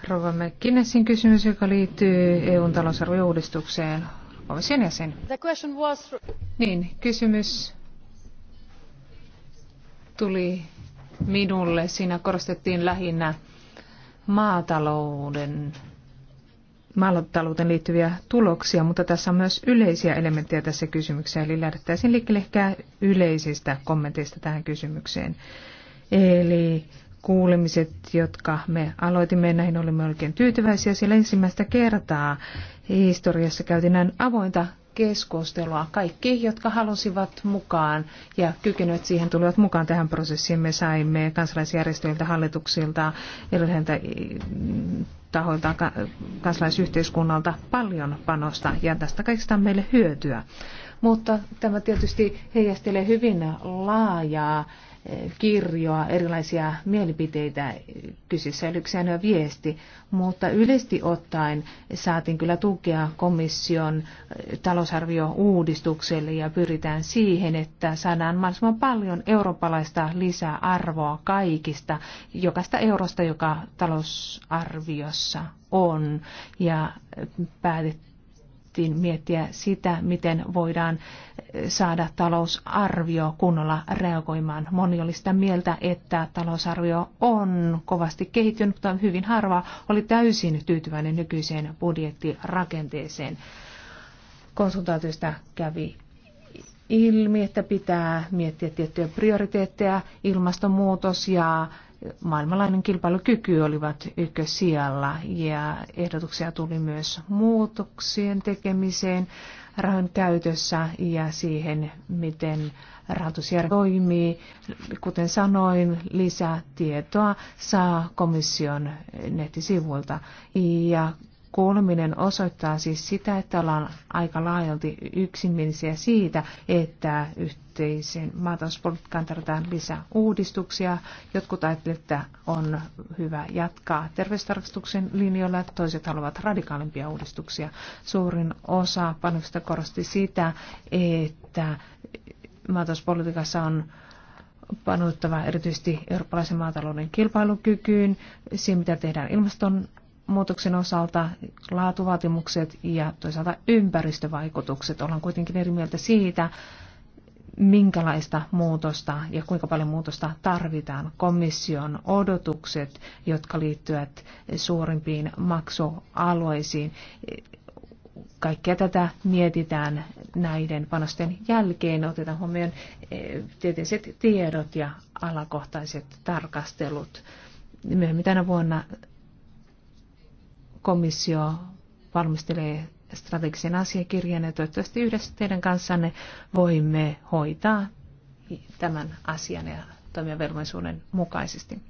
Speaker 1: Rova Mekkinesin kysymys, joka liittyy EUn talousarvouudistukseen. Komission jäsen. Was... Niin, kysymys tuli minulle. Siinä korostettiin lähinnä maatalouden, maatalouteen liittyviä tuloksia, mutta tässä on myös yleisiä elementtejä tässä kysymyksessä, eli lähdettäisiin liikkeelle ehkä yleisistä kommenteista tähän kysymykseen. Eli kuulemiset, jotka me aloitimme, näihin olimme oikein tyytyväisiä, sillä ensimmäistä kertaa historiassa käytiin näin avointa keskustelua. Kaikki, jotka halusivat mukaan ja kykenevät siihen, tulivat mukaan tähän prosessiin. Me saimme kansalaisjärjestöiltä, hallituksilta, erilaisilta mm, tahoilta, kansalaisyhteiskunnalta paljon panosta ja tästä kaikesta on meille hyötyä. Mutta tämä tietysti heijastelee hyvin laajaa kirjoa erilaisia mielipiteitä, kyseessä oli yksi ainoa viesti, mutta yleisesti ottaen saatiin kyllä tukea komission talousarvio-uudistukselle ja pyritään siihen, että saadaan mahdollisimman paljon eurooppalaista lisäarvoa kaikista, jokaista eurosta, joka talousarviossa on ja päätettiin haluttiin miettiä sitä, miten voidaan eh, saada talousarvio kunnolla reagoimaan. Moni oli sitä mieltä, että talousarvio on kovasti kehittynyt, mutta hyvin harva oli täysin tyytyväinen nykyiseen budjettirakenteeseen. Konsultaatioista kävi ilmi, että pitää miettiä tiettyjä prioriteetteja, ilmastonmuutos ja maailmanlainen kilpailukyky olivat ykkösijalla ja ehdotuksia tuli myös muutoksien tekemiseen rahan käytössä ja siihen, miten rahoitusjärjestelmä toimii. Kuten sanoin, lisätietoa saa komission nettisivuilta ja Kuuleminen osoittaa siis sitä, että ollaan aika laajalti yksimielisiä siitä, että yhteisen maatalouspolitiikkaan tarvitaan lisää uudistuksia. Jotkut ajattelevat, että on hyvä jatkaa terveystarkastuksen linjoilla, toiset haluavat radikaalimpia uudistuksia. Suurin osa panoksista korosti sitä, että maatalouspolitiikassa on panuttava erityisesti eurooppalaisen maatalouden kilpailukykyyn, siihen mitä tehdään ilmaston muutoksen osalta laatuvaatimukset ja toisaalta ympäristövaikutukset. Ollaan kuitenkin eri mieltä siitä, minkälaista muutosta ja kuinka paljon muutosta tarvitaan. Komission odotukset, jotka liittyvät suurimpiin maksualueisiin, kaikkea tätä mietitään näiden panosten jälkeen. Otetaan huomioon eh, tieteelliset tiedot ja alakohtaiset tarkastelut. Myöhemmin tänä vuonna komissio valmistelee strategisen asiakirjan ja toivottavasti yhdessä teidän kanssanne voimme hoitaa tämän asian ja toimia velvollisuuden mukaisesti.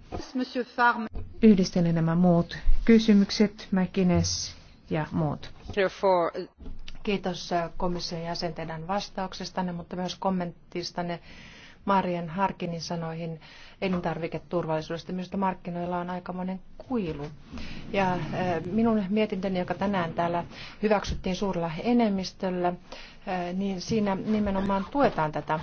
Speaker 1: Yhdistelen nämä muut kysymykset, Mäkines ja muut.
Speaker 3: Kiitos äh, komission jäsen teidän vastauksestanne, mutta myös kommenttistanne. Marian Harkinin sanoihin elintarviketurvallisuudesta. Minusta markkinoilla on aikamoinen kuilu. Ja minun mietintöni, joka tänään täällä hyväksyttiin suurella enemmistöllä, niin siinä nimenomaan tuetaan tätä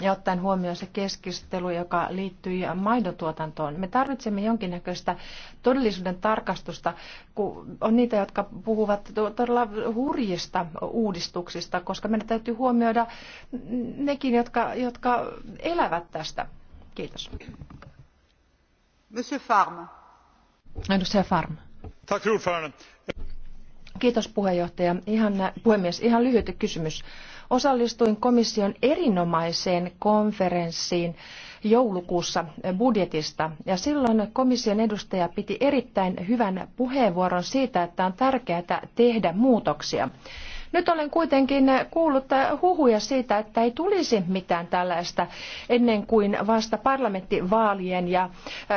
Speaker 3: ja ottaen huomioon se keskustelu, joka liittyy maidotuotantoon. Me tarvitsemme jonkinnäköistä todellisuuden tarkastusta, kun on niitä, jotka puhuvat todella hurjista uudistuksista, koska meidän täytyy huomioida nekin, jotka, jotka elävät tästä. Kiitos. Monsieur Farm. Edustaja Farm. Tack, Kiitos puheenjohtaja. Ihan, puhemies, ihan lyhyt kysymys Osallistuin komission erinomaiseen konferenssiin joulukuussa budjetista ja silloin komission edustaja piti erittäin hyvän puheenvuoron siitä, että on tärkeää tehdä muutoksia. Nyt olen kuitenkin kuullut huhuja siitä, että ei tulisi mitään tällaista ennen kuin vasta parlamenttivaalien ja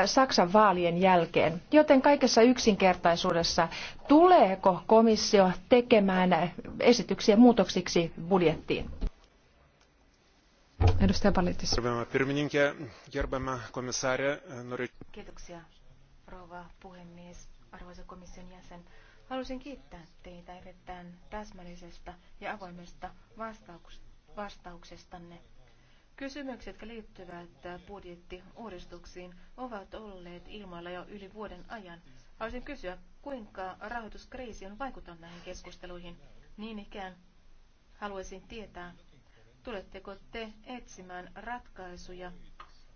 Speaker 3: Saksan vaalien jälkeen. Joten kaikessa yksinkertaisuudessa, tuleeko komissio tekemään esityksiä muutoksiksi budjettiin? Edustaja Palitis.
Speaker 2: Kiitoksia, rouva puhemies, arvoisa komission jäsen. Haluaisin kiittää teitä erittäin täsmällisestä ja avoimesta vastauksestanne. Kysymykset, jotka liittyvät budjettiuudistuksiin, ovat olleet ilmoilla jo yli vuoden ajan. Haluaisin kysyä, kuinka rahoituskriisi on vaikuttanut näihin keskusteluihin. Niin ikään haluaisin tietää, tuletteko te etsimään ratkaisuja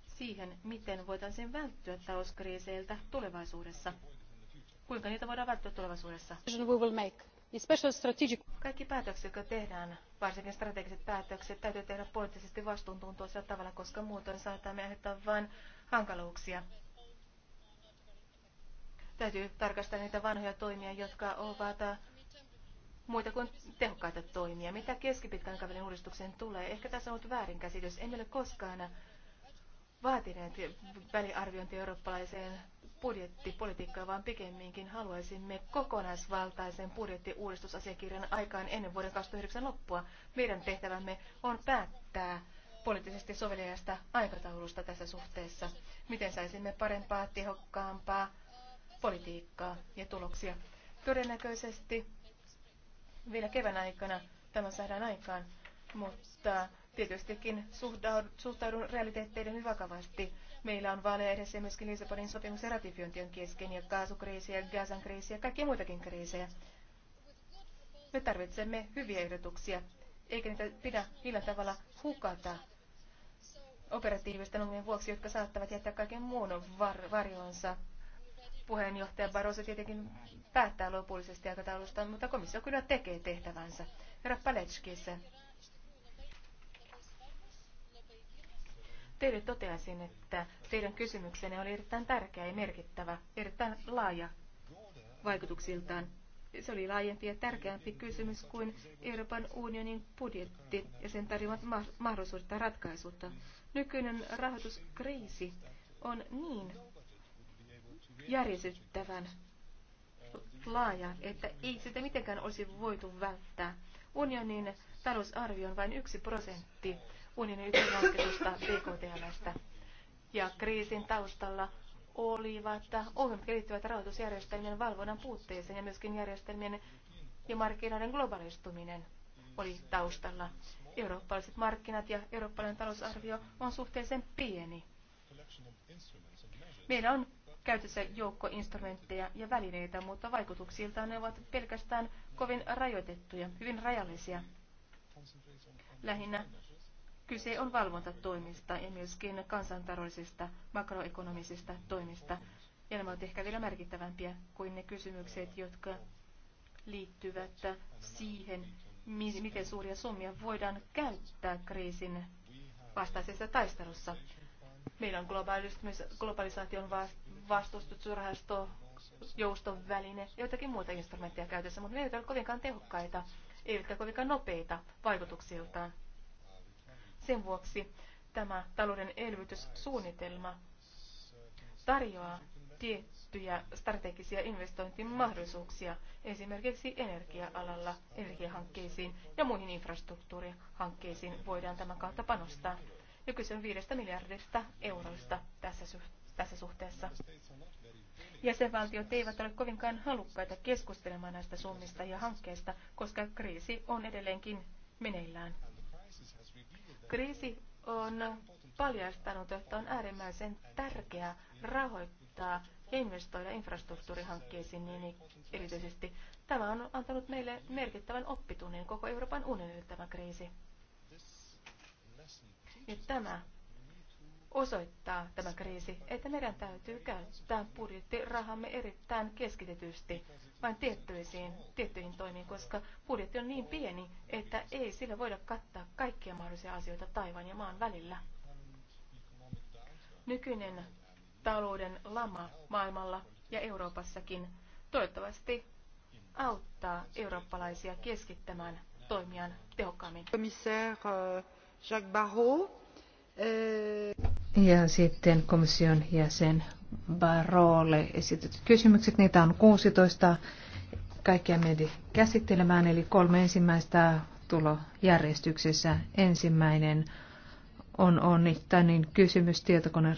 Speaker 2: siihen, miten voitaisiin välttyä talouskriiseiltä tulevaisuudessa kuinka niitä voidaan välttää tulevaisuudessa? Kaikki päätökset, jotka tehdään, varsinkin strategiset päätökset, täytyy tehdä poliittisesti vastuuntuntoisella tavalla, koska muutoin saattaa aiheuttaa vain hankaluuksia. Täytyy tarkastella niitä vanhoja toimia, jotka ovat äh, muita kuin tehokkaita toimia. Mitä keskipitkän aikavälin uudistukseen tulee? Ehkä tässä on ollut väärinkäsitys. Emme ole koskaan vaatineet väliarviointi eurooppalaiseen budjettipolitiikkaan, vaan pikemminkin haluaisimme kokonaisvaltaisen budjettiuudistusasiakirjan aikaan ennen vuoden 2009 loppua. Meidän tehtävämme on päättää poliittisesti soveliaasta aikataulusta tässä suhteessa, miten saisimme parempaa, tehokkaampaa politiikkaa ja tuloksia. Todennäköisesti vielä kevään aikana tämä saadaan aikaan, mutta Tietystikin suhtaudun realiteetteihin vakavasti. Meillä on vaaleja edessä myöskin Lissabonin sopimuksen on kesken ja kaasukriisiä, Gazan kriisiä ja kaikkia muitakin kriisejä. Me tarvitsemme hyviä ehdotuksia, eikä niitä pidä millään tavalla hukata operatiivisten ongelmien vuoksi, jotka saattavat jättää kaiken muun var- varjoonsa. Puheenjohtaja Barroso tietenkin päättää lopullisesti aikataulusta, mutta komissio kyllä tekee tehtävänsä. Herra Paletskissa Teille toteaisin, että teidän kysymyksenne oli erittäin tärkeä ja merkittävä, erittäin laaja vaikutuksiltaan. Se oli laajempi ja tärkeämpi kysymys kuin Euroopan unionin budjetti ja sen tarjoamat mahdollisuudet ja ratkaisut. Nykyinen rahoituskriisi on niin järjestettävän laaja, että ei sitä mitenkään olisi voitu välttää. Unionin talousarvio on vain yksi prosentti unionin yksinlasketusta BKTLstä. Ja kriisin taustalla olivat ohjelmat liittyvät rahoitusjärjestelmien valvonnan puutteeseen ja myöskin järjestelmien ja markkinoiden globalistuminen oli taustalla. Eurooppalaiset markkinat ja eurooppalainen talousarvio on suhteellisen pieni. Meillä on käytössä joukko instrumentteja ja välineitä, mutta vaikutuksiltaan ne ovat pelkästään kovin rajoitettuja, hyvin rajallisia. Lähinnä Kyse on valvontatoimista ja myöskin kansantaloudellisista makroekonomisista toimista. Ja nämä ovat ehkä vielä merkittävämpiä kuin ne kysymykset, jotka liittyvät siihen, miten suuria summia voidaan käyttää kriisin vastaisessa taistelussa. Meillä on globalisaation vastustusrahasto, jouston väline, jotakin muita instrumentteja käytössä, mutta ne eivät ole kovinkaan tehokkaita, eivätkä kovinkaan nopeita vaikutuksiltaan. Sen vuoksi tämä talouden elvytyssuunnitelma tarjoaa tiettyjä strategisia investointimahdollisuuksia esimerkiksi energia-alalla, energiahankkeisiin ja muihin infrastruktuurihankkeisiin voidaan tämän kautta panostaa. Nykyisen viidestä miljardista eurosta tässä, su- tässä suhteessa. Jäsenvaltiot eivät ole kovinkaan halukkaita keskustelemaan näistä summista ja hankkeista, koska kriisi on edelleenkin meneillään. Kriisi on paljastanut, että on äärimmäisen tärkeää rahoittaa ja investoida infrastruktuurihankkeisiin niin erityisesti. Tämä on antanut meille merkittävän oppitunnin koko Euroopan unionille tämä kriisi. Ja tämä osoittaa tämä kriisi, että meidän täytyy käyttää budjettirahamme erittäin keskitetysti vain tiettyisiin, tiettyihin toimiin, koska budjetti on niin pieni, että ei sillä voida kattaa kaikkia mahdollisia asioita taivaan ja maan välillä. Nykyinen talouden lama maailmalla ja Euroopassakin toivottavasti auttaa eurooppalaisia keskittämään toimiaan tehokkaammin. Komissaari euh, Jacques Barrot.
Speaker 1: Euh... Ja sitten komission jäsen Barolle esitetyt kysymykset. Niitä on 16. Kaikkia meni käsittelemään, eli kolme ensimmäistä tulojärjestyksessä. Ensimmäinen on onnittainen kysymys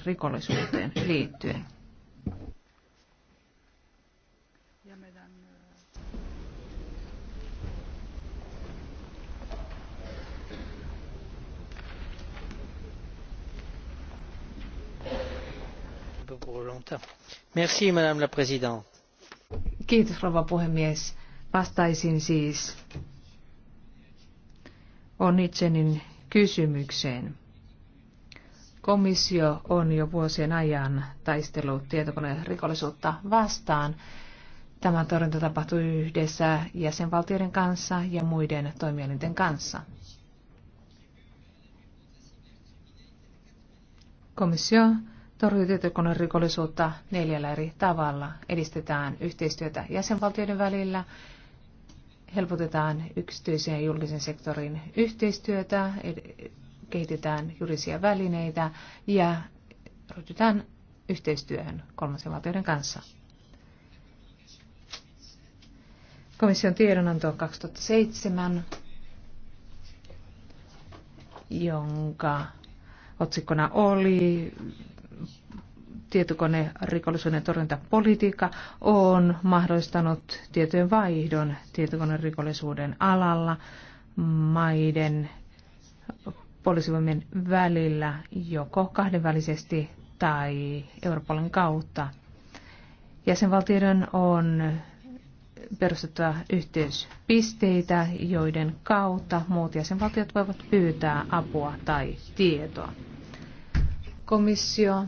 Speaker 1: rikollisuuteen liittyen. Merci, Kiitos rouva puhemies. Vastaisin siis Onitsenin kysymykseen. Komissio on jo vuosien ajan taistellut tietokonerikollisuutta vastaan. Tämä torjunta tapahtui yhdessä jäsenvaltioiden kanssa ja muiden toimielinten kanssa. Komissio torjuu tietokoneen rikollisuutta neljällä eri tavalla. Edistetään yhteistyötä jäsenvaltioiden välillä, helpotetaan yksityisen ja julkisen sektorin yhteistyötä, kehitetään juridisia välineitä ja ryhdytään yhteistyöhön kolmansien valtioiden kanssa. Komission tiedonanto 2007, jonka otsikkona oli tietokonerikollisuuden torjuntapolitiikka on mahdollistanut tietojen vaihdon tietokonerikollisuuden alalla maiden poliisivoimien välillä joko kahdenvälisesti tai Euroopan kautta. Jäsenvaltioiden on perustettava yhteyspisteitä, joiden kautta muut jäsenvaltiot voivat pyytää apua tai tietoa. Komissio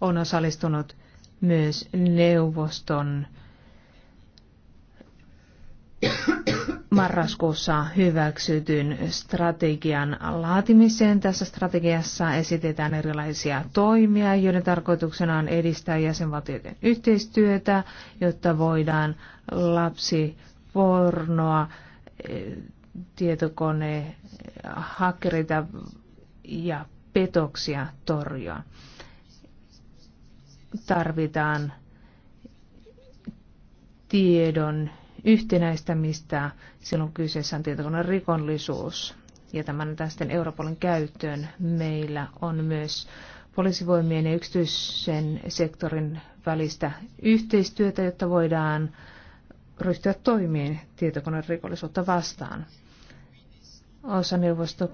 Speaker 1: on osallistunut myös neuvoston marraskuussa hyväksytyn strategian laatimiseen. Tässä strategiassa esitetään erilaisia toimia, joiden tarkoituksena on edistää jäsenvaltioiden yhteistyötä, jotta voidaan lapsipornoa eh, tietokone, hakkereita ja petoksia torjua. Tarvitaan tiedon yhtenäistämistä silloin kyseessä on tietokoneen rikollisuus. Ja tämän tästä Europolin käyttöön meillä on myös poliisivoimien ja yksityisen sektorin välistä yhteistyötä, jotta voidaan ryhtyä toimiin tietokoneen rikollisuutta vastaan osaneuvosto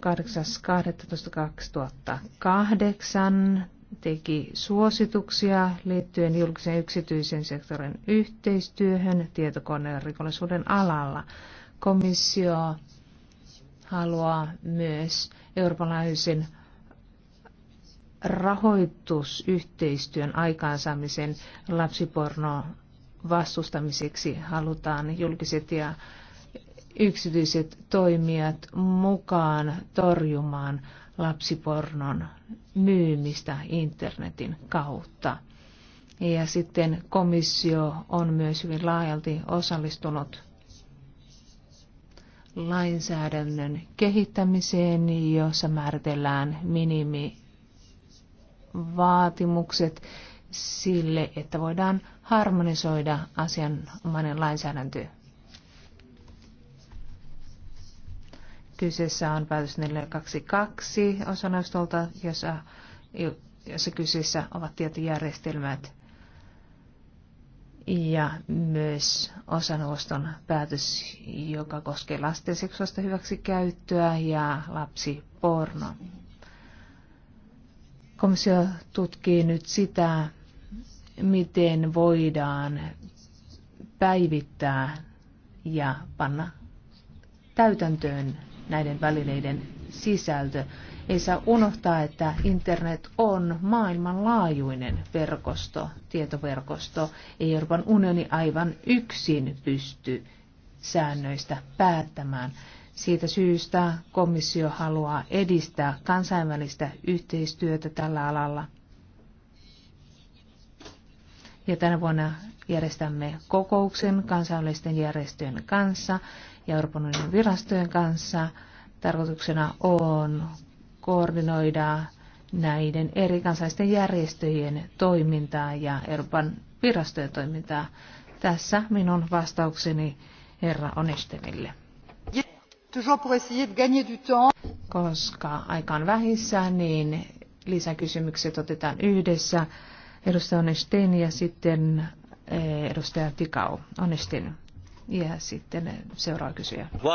Speaker 1: 8.12.2008 teki suosituksia liittyen julkisen yksityisen sektorin yhteistyöhön tietokoneen rikollisuuden alalla. Komissio haluaa myös eurooppalaisen rahoitusyhteistyön aikaansaamisen lapsiporno vastustamiseksi halutaan julkiset ja yksityiset toimijat mukaan torjumaan lapsipornon myymistä internetin kautta. Ja sitten komissio on myös hyvin laajalti osallistunut lainsäädännön kehittämiseen, jossa määritellään minimivaatimukset sille, että voidaan harmonisoida asianomainen lainsäädäntö Kyseessä on päätös 422 osanostolta, jossa, jossa kyseessä ovat tietojärjestelmät ja myös osanoston päätös, joka koskee lasten seksuaalista hyväksikäyttöä ja lapsiporno. Komissio tutkii nyt sitä, miten voidaan päivittää ja panna täytäntöön näiden välineiden sisältö. Ei saa unohtaa, että internet on maailmanlaajuinen verkosto, tietoverkosto. Ei Euroopan unioni aivan yksin pysty säännöistä päättämään. Siitä syystä komissio haluaa edistää kansainvälistä yhteistyötä tällä alalla. Ja tänä vuonna järjestämme kokouksen kansainvälisten järjestöjen kanssa, ja Euroopan unionin virastojen kanssa. Tarkoituksena on koordinoida näiden eri kansallisten järjestöjen toimintaa ja Euroopan virastojen toimintaa. Tässä minun vastaukseni herra Onestenille. Koska aika on vähissä, niin lisäkysymykset otetaan yhdessä. Edustaja Onestin ja sitten eh, edustaja Tikau. Onestin. Ja sitten seuraava kysyjä.
Speaker 2: Eh,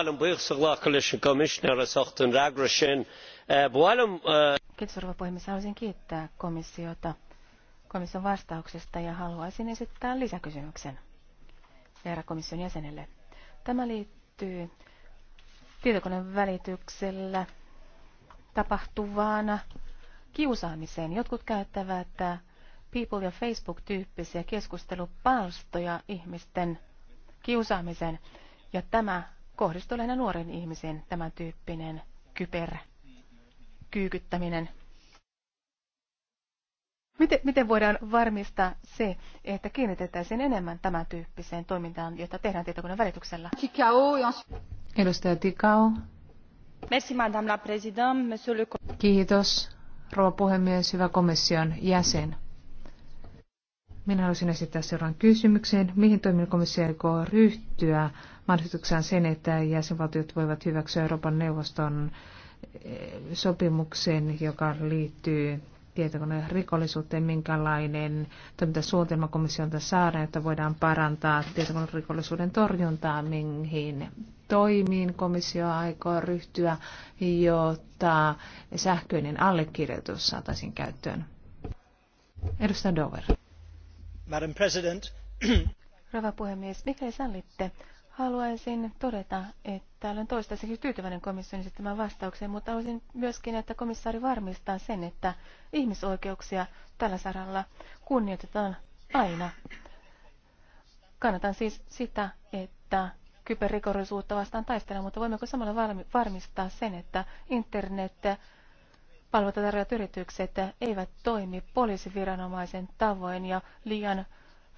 Speaker 2: eh, Kiitos rouva puhemies. Haluaisin kiittää komissiota komission vastauksesta ja haluaisin esittää lisäkysymyksen herra komission jäsenelle. Tämä liittyy tietokoneen välityksellä tapahtuvaan kiusaamiseen. Jotkut käyttävät People ja Facebook-tyyppisiä keskustelupalstoja ihmisten kiusaamisen. Ja tämä kohdistuu lähinnä nuoriin ihmisiin, tämän tyyppinen kyberkyykyttäminen. Miten, miten voidaan varmistaa se, että kiinnitettäisiin enemmän tämän tyyppiseen toimintaan, jota tehdään tietokoneen välityksellä?
Speaker 1: Edustaja Tikau.
Speaker 2: Merci, madame la présidente, monsieur le...
Speaker 1: Kiitos, rouva puhemies, hyvä komission jäsen. Minä haluaisin esittää seuraavan kysymyksen. Mihin toimiin komissio aikoo ryhtyä mahdollisuuksaan sen, että jäsenvaltiot voivat hyväksyä Euroopan neuvoston eh, sopimuksen, joka liittyy tietokoneen rikollisuuteen, minkälainen toimintasuunnitelma komissiolta saadaan, että voidaan parantaa tietokoneen rikollisuuden torjuntaa, mihin toimiin komissio aikoo ryhtyä, jotta sähköinen allekirjoitus saataisiin käyttöön. Edustaja Dover
Speaker 2: arvoisa puhemies, mikäli sallitte, haluaisin todeta, että olen toistaiseksi tyytyväinen komission esittämään vastaukseen, mutta haluaisin myöskin, että komissaari varmistaa sen, että ihmisoikeuksia tällä saralla kunnioitetaan aina. Kannatan siis sitä, että kyberrikollisuutta vastaan taistellaan mutta voimmeko samalla varmistaa sen, että internet palveluita tarjoavat yritykset eivät toimi poliisiviranomaisen tavoin ja liian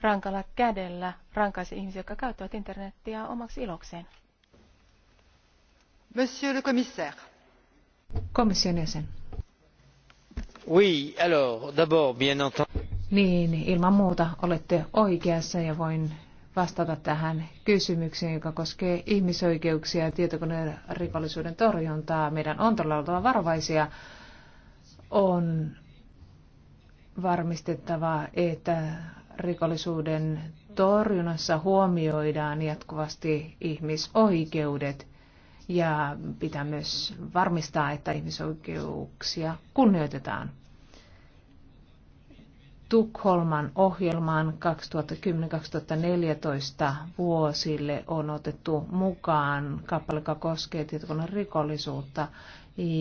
Speaker 2: rankalla kädellä rankaisi ihmisiä, jotka käyttävät internettiä omaksi ilokseen. Monsieur le commissaire.
Speaker 1: Komission jäsen.
Speaker 4: Oui, alors, d'abord, bien entendu.
Speaker 1: Niin, ilman muuta olette oikeassa ja voin vastata tähän kysymykseen, joka koskee ihmisoikeuksia ja tietokoneen rikollisuuden torjuntaa. Meidän on todella oltava varovaisia on varmistettava, että rikollisuuden torjunnassa huomioidaan jatkuvasti ihmisoikeudet ja pitää myös varmistaa, että ihmisoikeuksia kunnioitetaan. Tukholman ohjelmaan 2010-2014 vuosille on otettu mukaan kappale, joka koskee tietokoneen rikollisuutta.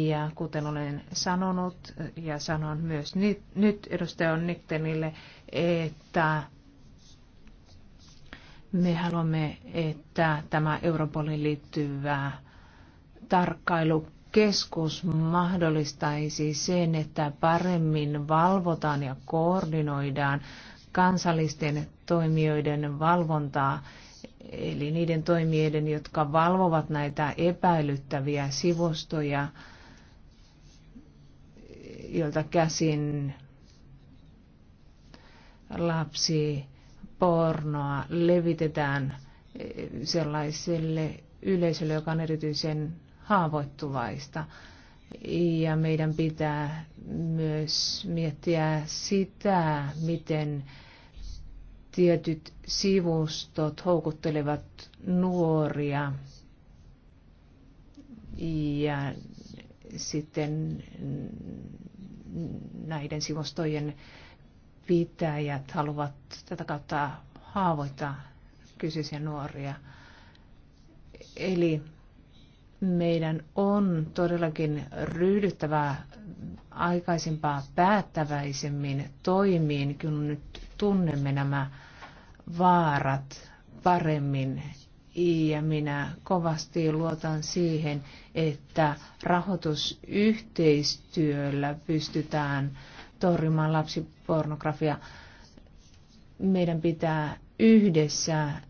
Speaker 1: Ja kuten olen sanonut ja sanon myös nyt, nyt edustaja Nittenille, että me haluamme, että tämä Europolin liittyvä tarkkailukeskus mahdollistaisi sen, että paremmin valvotaan ja koordinoidaan kansallisten toimijoiden valvontaa eli niiden toimijoiden, jotka valvovat näitä epäilyttäviä sivustoja, joilta käsin lapsi pornoa levitetään e, sellaiselle yleisölle, joka on erityisen haavoittuvaista. Ja meidän pitää myös miettiä sitä, miten tietyt sivustot houkuttelevat nuoria ja sitten näiden sivustojen pitäjät haluavat tätä kautta haavoittaa kyseisiä nuoria. Eli meidän on todellakin ryhdyttävä aikaisempaa päättäväisemmin toimiin, kun nyt tunnemme nämä vaarat paremmin ja minä kovasti luotan siihen, että rahoitusyhteistyöllä pystytään torjumaan lapsipornografia. Meidän pitää yhdessä eh,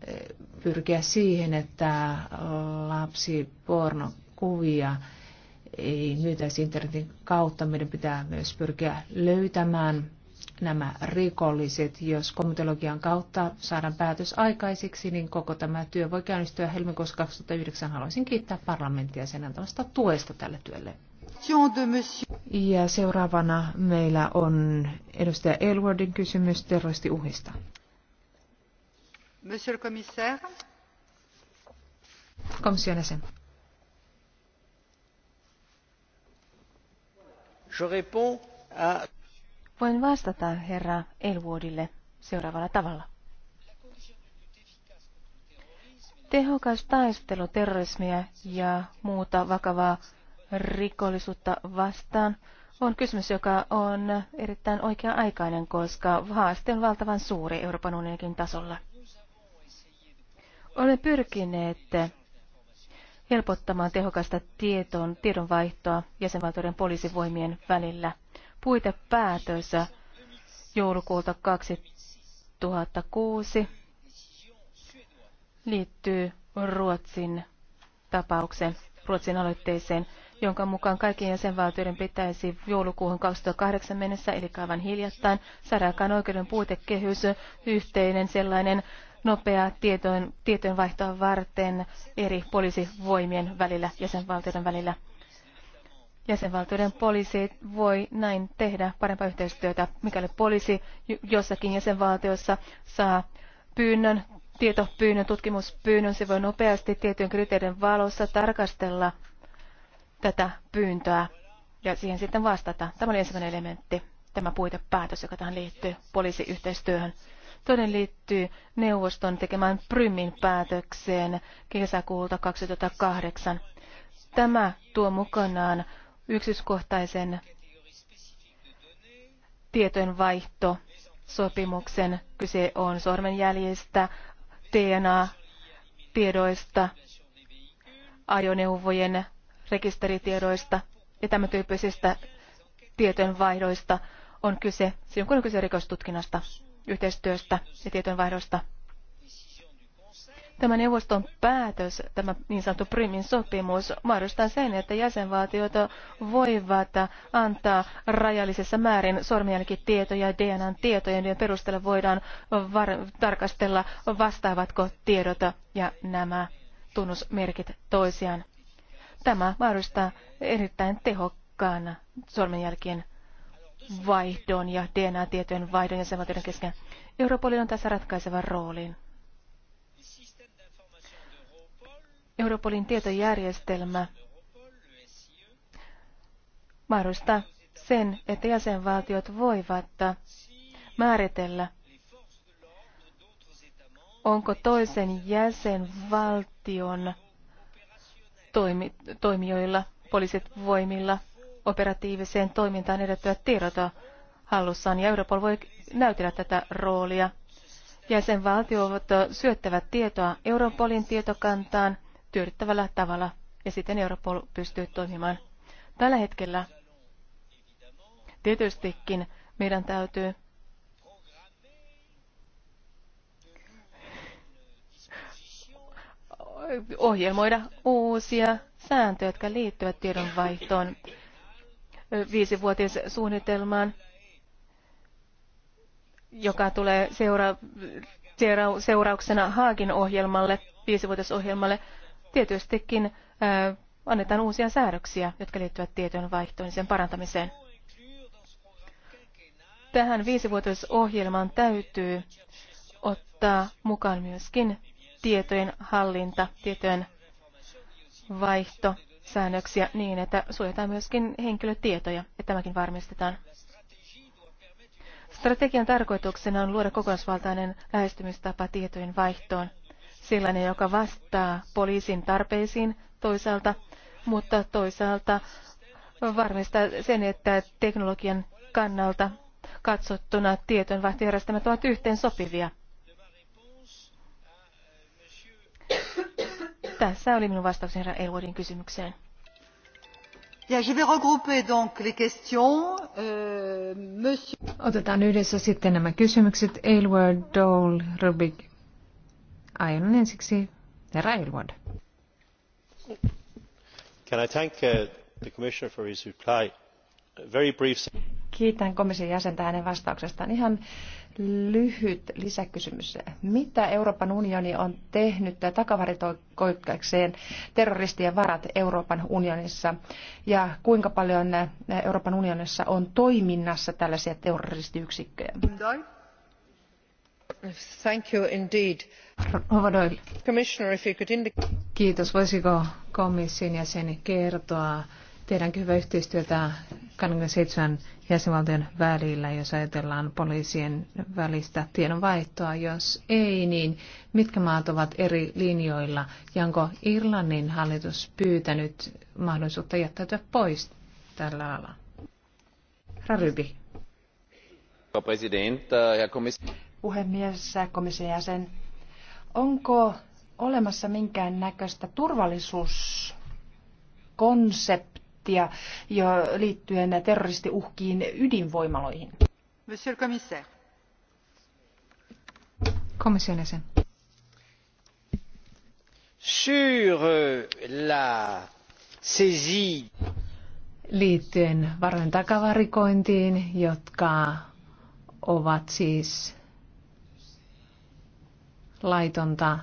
Speaker 1: pyrkiä siihen, että lapsipornokuvia ei myytäisi internetin kautta. Meidän pitää myös pyrkiä löytämään nämä rikolliset. Jos komitologian kautta saadaan päätös aikaisiksi, niin koko tämä työ voi käynnistyä helmikuussa 2009. Haluaisin kiittää parlamenttia sen antamasta tuesta
Speaker 4: tälle työlle. Ja seuraavana meillä on
Speaker 1: edustaja Elwardin kysymys terroristiuhista.
Speaker 4: Monsieur le commissaire. Komission jäsen. Je réponds à
Speaker 2: Voin vastata herra Elwoodille seuraavalla tavalla. Tehokas taistelu terrorismia ja muuta vakavaa rikollisuutta vastaan on kysymys, joka on erittäin oikea-aikainen, koska haaste on valtavan suuri Euroopan unionin tasolla. Olemme pyrkineet helpottamaan tehokasta tietoon, tiedonvaihtoa jäsenvaltioiden poliisivoimien välillä – puitepäätös joulukuulta 2006 liittyy Ruotsin tapaukseen, Ruotsin aloitteeseen, jonka mukaan kaikkien jäsenvaltioiden pitäisi joulukuuhun 2008 mennessä, eli aivan hiljattain, saada aikaan oikeuden puitekehys, yhteinen sellainen nopeaa tietojen, vaihtoa varten eri poliisivoimien välillä, jäsenvaltioiden välillä. Jäsenvaltioiden poliisi voi näin tehdä parempaa yhteistyötä, mikäli poliisi jossakin jäsenvaltiossa saa pyynnön, tietopyynnön, tutkimuspyynnön. Se voi nopeasti tiettyjen kriteerin valossa tarkastella tätä pyyntöä ja siihen sitten vastata. Tämä oli ensimmäinen elementti, tämä puitepäätös, joka tähän liittyy poliisiyhteistyöhön. Toinen liittyy neuvoston tekemään Prymin päätökseen kesäkuulta 2008. Tämä tuo mukanaan yksityiskohtaisen tietojenvaihtosopimuksen. sopimuksen. Kyse on sormenjäljistä, DNA-tiedoista, ajoneuvojen rekisteritiedoista ja tämän tyyppisistä tietojenvaihdoista on kyse silloin, kun on kyse rikostutkinnasta, yhteistyöstä ja tietojenvaihdosta. Tämä neuvoston päätös, tämä niin sanottu primin sopimus, mahdollistaa sen, että jäsenvaltiot voivat antaa rajallisessa määrin sormenjälkitietoja, DNA-tietoja, joiden perusteella voidaan tarkastella, vastaavatko tiedot ja nämä tunnusmerkit toisiaan. Tämä mahdollistaa erittäin tehokkaan sormenjälkien vaihdon ja DNA-tietojen vaihdon jäsenvaltioiden kesken. Europolilla on tässä ratkaiseva rooli. Europolin tietojärjestelmä mahdollistaa sen, että jäsenvaltiot voivat määritellä, onko toisen jäsenvaltion toimi, toimijoilla, poliisit voimilla operatiiviseen toimintaan edellyttävät tiedot hallussaan, ja Europol voi näytellä tätä roolia. Jäsenvaltiot syöttävät tietoa Europolin tietokantaan, tyydyttävällä tavalla ja siten Europol pystyy toimimaan. Tällä hetkellä tietystikin meidän täytyy ohjelmoida uusia sääntöjä, jotka liittyvät tiedonvaihtoon suunnitelmaan, joka tulee seura- seura- seurauksena Haagin ohjelmalle, viisivuotisohjelmalle tietystikin annetaan uusia säädöksiä, jotka liittyvät tietojen vaihtoon sen parantamiseen. Tähän viisivuotoisohjelmaan täytyy ottaa mukaan myöskin tietojen hallinta, tietojen vaihto, säännöksiä niin, että suojataan myöskin henkilötietoja, ja tämäkin varmistetaan. Strategian tarkoituksena on luoda kokonaisvaltainen lähestymistapa tietojen vaihtoon sellainen, joka vastaa poliisin tarpeisiin toisaalta, mutta toisaalta varmistaa sen, että teknologian kannalta katsottuna tietojenvaihtojärjestelmät ovat yhteen sopivia. Tässä oli minun vastaukseni herra Elwoodin kysymykseen. Euh, Otetaan
Speaker 1: yhdessä sitten nämä kysymykset. Aylward, Dole, Rubik aion
Speaker 3: ensiksi herra Aylward.
Speaker 4: Can I thank uh,
Speaker 1: the commissioner for his reply? Very brief...
Speaker 3: Kiitän komission jäsentä hänen vastauksestaan. Ihan lyhyt lisäkysymys. Mitä Euroopan unioni on tehnyt takavarikoikakseen terroristien varat Euroopan unionissa ja kuinka paljon Euroopan unionissa on toiminnassa tällaisia terroristiyksikköjä? Thank you indeed.
Speaker 1: Kiitos. Voisiko komission jäsen kertoa, tehdäänkö hyvää yhteistyötä 27 jäsenvaltion välillä, jos ajatellaan poliisien välistä tiedonvaihtoa? Jos ei, niin mitkä maat ovat eri linjoilla? Ja onko Irlannin hallitus pyytänyt mahdollisuutta
Speaker 3: jättäytyä pois tällä alalla? Rarybi. Puhemies, komission jäsen Onko olemassa minkään näköistä turvallisuuskonseptia jo liittyen terroristiuhkiin ydinvoimaloihin? Monsieur
Speaker 4: le commissaire. Komission jäsen. Sur euh, la saisie.
Speaker 1: Liittyen varojen takavarikointiin, jotka ovat siis laitonta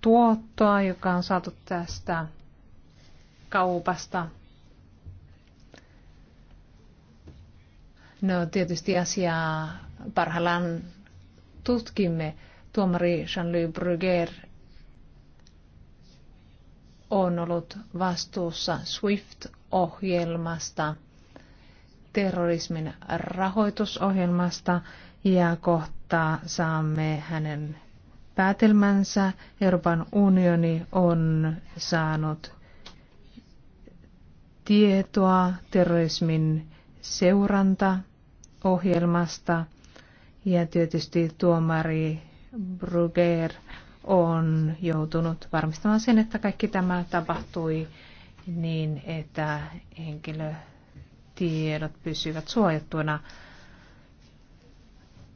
Speaker 1: tuottoa, joka on saatu tästä kaupasta. No tietysti asiaa parhaillaan tutkimme. Tuomari Jean-Louis Bruguer on ollut vastuussa SWIFT-ohjelmasta, terrorismin rahoitusohjelmasta ja kohta saamme hänen päätelmänsä. Euroopan unioni on saanut tietoa terrorismin seurantaohjelmasta ja tietysti tuomari Bruger on joutunut varmistamaan sen, että kaikki tämä tapahtui niin, että henkilötiedot pysyvät suojattuna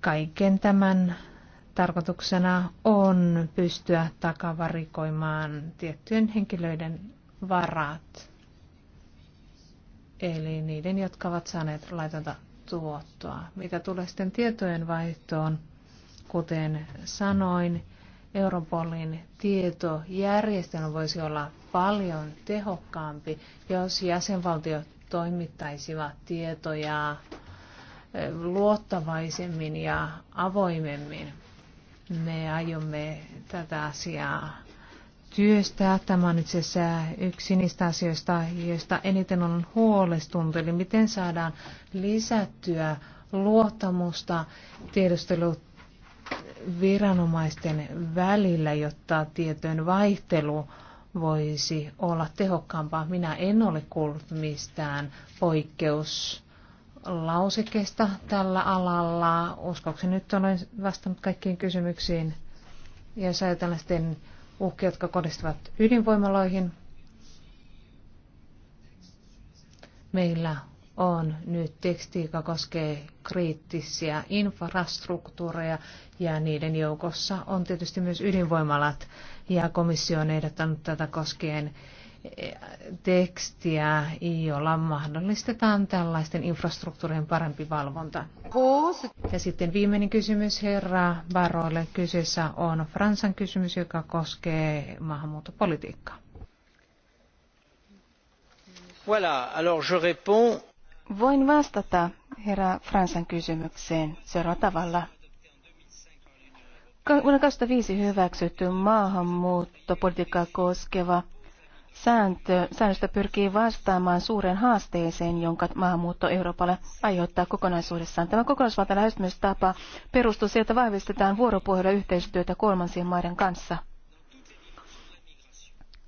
Speaker 1: kaiken tämän tarkoituksena on pystyä takavarikoimaan tiettyjen henkilöiden varat, eli niiden, jotka ovat saaneet laitonta tuottoa. Mitä tulee sitten tietojen vaihtoon, kuten sanoin, Europolin tietojärjestelmä voisi olla paljon tehokkaampi, jos jäsenvaltiot toimittaisivat tietoja luottavaisemmin ja avoimemmin. Me aiomme tätä asiaa työstää. Tämä on itse asiassa yksi niistä asioista, joista eniten on huolestunut, eli miten saadaan lisättyä luottamusta tiedusteluviranomaisten välillä, jotta tietojen vaihtelu voisi olla tehokkaampaa. Minä en ole kuullut mistään poikkeus lausekesta tällä alalla. Uskoksi nyt olen vastannut kaikkiin kysymyksiin. Ja jos ajatellaan sitten uhkia, jotka kohdistuvat ydinvoimaloihin, meillä on nyt teksti, joka koskee kriittisiä infrastruktuureja ja niiden joukossa on tietysti myös ydinvoimalat ja komissio on ehdottanut tätä koskien tekstiä, jolla mahdollistetaan tällaisten infrastruktuurien parempi valvonta. Ja sitten viimeinen kysymys herra Baroille. Kyseessä on Fransan kysymys, joka koskee maahanmuuttopolitiikkaa.
Speaker 4: Voilà, alors je réponds.
Speaker 2: Voin vastata herra Fransan kysymykseen seuraavalla tavalla. Vuonna 2005 hyväksytty maahanmuuttopolitiikkaa koskeva sääntö, säännöstä pyrkii vastaamaan suuren haasteeseen, jonka maahanmuutto Euroopalle aiheuttaa kokonaisuudessaan. Tämä kokonaisvaltainen lähestymistapa perustuu siihen, että vahvistetaan vuoropuhelua yhteistyötä kolmansien maiden kanssa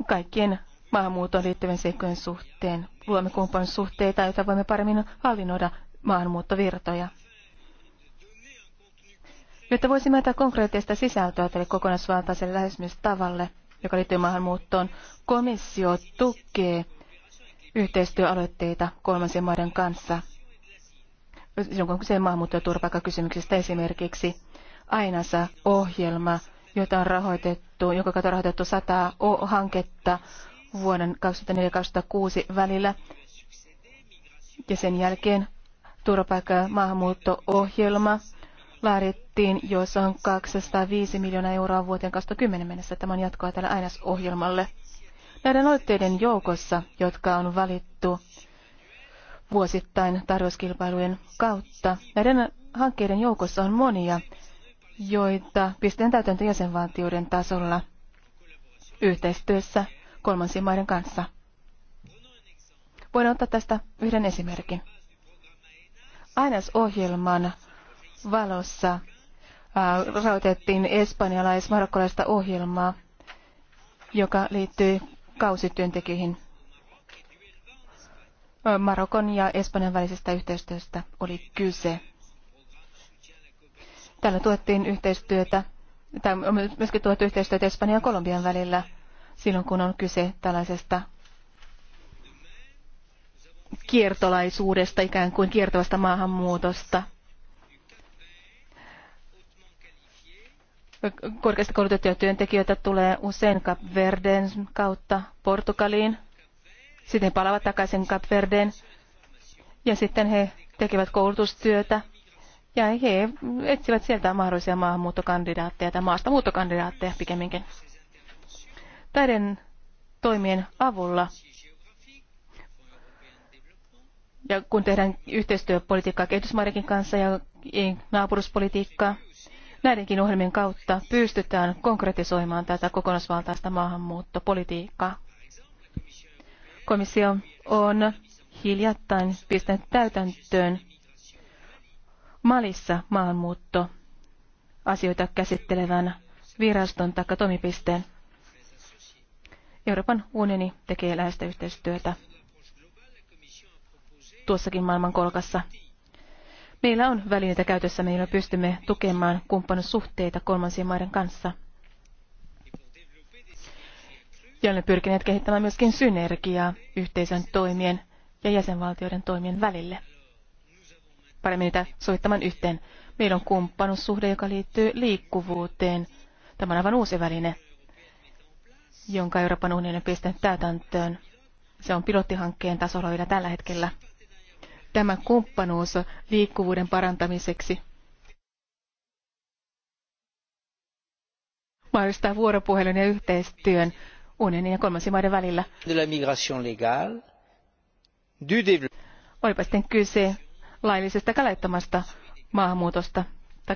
Speaker 2: kaikkien maahanmuuttoon liittyvien seikkojen suhteen. Luomme kumppanisuhteita, joita voimme paremmin hallinnoida maahanmuuttovirtoja. Jotta voisimme antaa konkreettista sisältöä tälle kokonaisvaltaiselle lähestymistavalle, joka liittyy maahanmuuttoon, komissio tukee yhteistyöaloitteita kolmansien maiden kanssa. Silloin kun kyse maahanmuutto- ja turvapaikkakysymyksistä esimerkiksi ainansa ohjelma, jota on rahoitettu, jonka kautta on rahoitettu 100 hanketta vuoden 2004-2006 välillä. Ja sen jälkeen turvapaikka- ja maahanmuutto-ohjelma laadittiin, joissa on 205 miljoonaa euroa vuoteen 2010 mennessä. Tämä on jatkoa tälle ainesohjelmalle. Näiden aloitteiden joukossa, jotka on valittu vuosittain tarjouskilpailujen kautta, näiden hankkeiden joukossa on monia, joita pistetään täytäntö jäsenvaltioiden tasolla yhteistyössä kolmansien maiden kanssa. Voin ottaa tästä yhden esimerkin. Ainesohjelman valossa äh, rahoitettiin espanjalais marokkolaista ohjelmaa, joka liittyy kausityöntekijöihin. Äh, Marokon ja Espanjan välisestä yhteistyöstä oli kyse. Tällä tuettiin yhteistyötä, tai myöskin tuettu yhteistyötä Espanjan ja Kolumbian välillä silloin, kun on kyse tällaisesta kiertolaisuudesta, ikään kuin kiertävästä maahanmuutosta. korkeasti koulutettuja työntekijöitä tulee usein Kapverden kautta Portugaliin. Sitten he palaavat takaisin Kapverden ja sitten he tekevät koulutustyötä ja he etsivät sieltä mahdollisia maahanmuuttokandidaatteja tai maastamuuttokandidaatteja pikemminkin. taiden toimien avulla ja kun tehdään yhteistyöpolitiikkaa kehitysmaidenkin kanssa ja naapuruspolitiikkaa, Näidenkin ohjelmien kautta pystytään konkretisoimaan tätä kokonaisvaltaista maahanmuuttopolitiikkaa. Komissio on hiljattain pistänyt täytäntöön Malissa maahanmuutto asioita käsittelevän viraston tai toimipisteen. Euroopan unioni tekee läheistä yhteistyötä tuossakin maailmankolkassa. Meillä on välineitä käytössä, meillä pystymme tukemaan kumppanussuhteita kolmansien maiden kanssa. Ja olemme pyrkineet kehittämään myöskin synergiaa yhteisön toimien ja jäsenvaltioiden toimien välille. Paremmin niitä sovittamaan yhteen. Meillä on kumppanussuhde, joka liittyy liikkuvuuteen. Tämä on aivan uusi väline, jonka Euroopan unionin pistänyt täytäntöön. Se on pilottihankkeen tasolla vielä tällä hetkellä tämä kumppanuus liikkuvuuden parantamiseksi. Mahdollistaa vuoropuhelun ja yhteistyön unionin ja kolmansien maiden välillä. Olipa sitten kyse laillisesta kalaittamasta maahanmuutosta,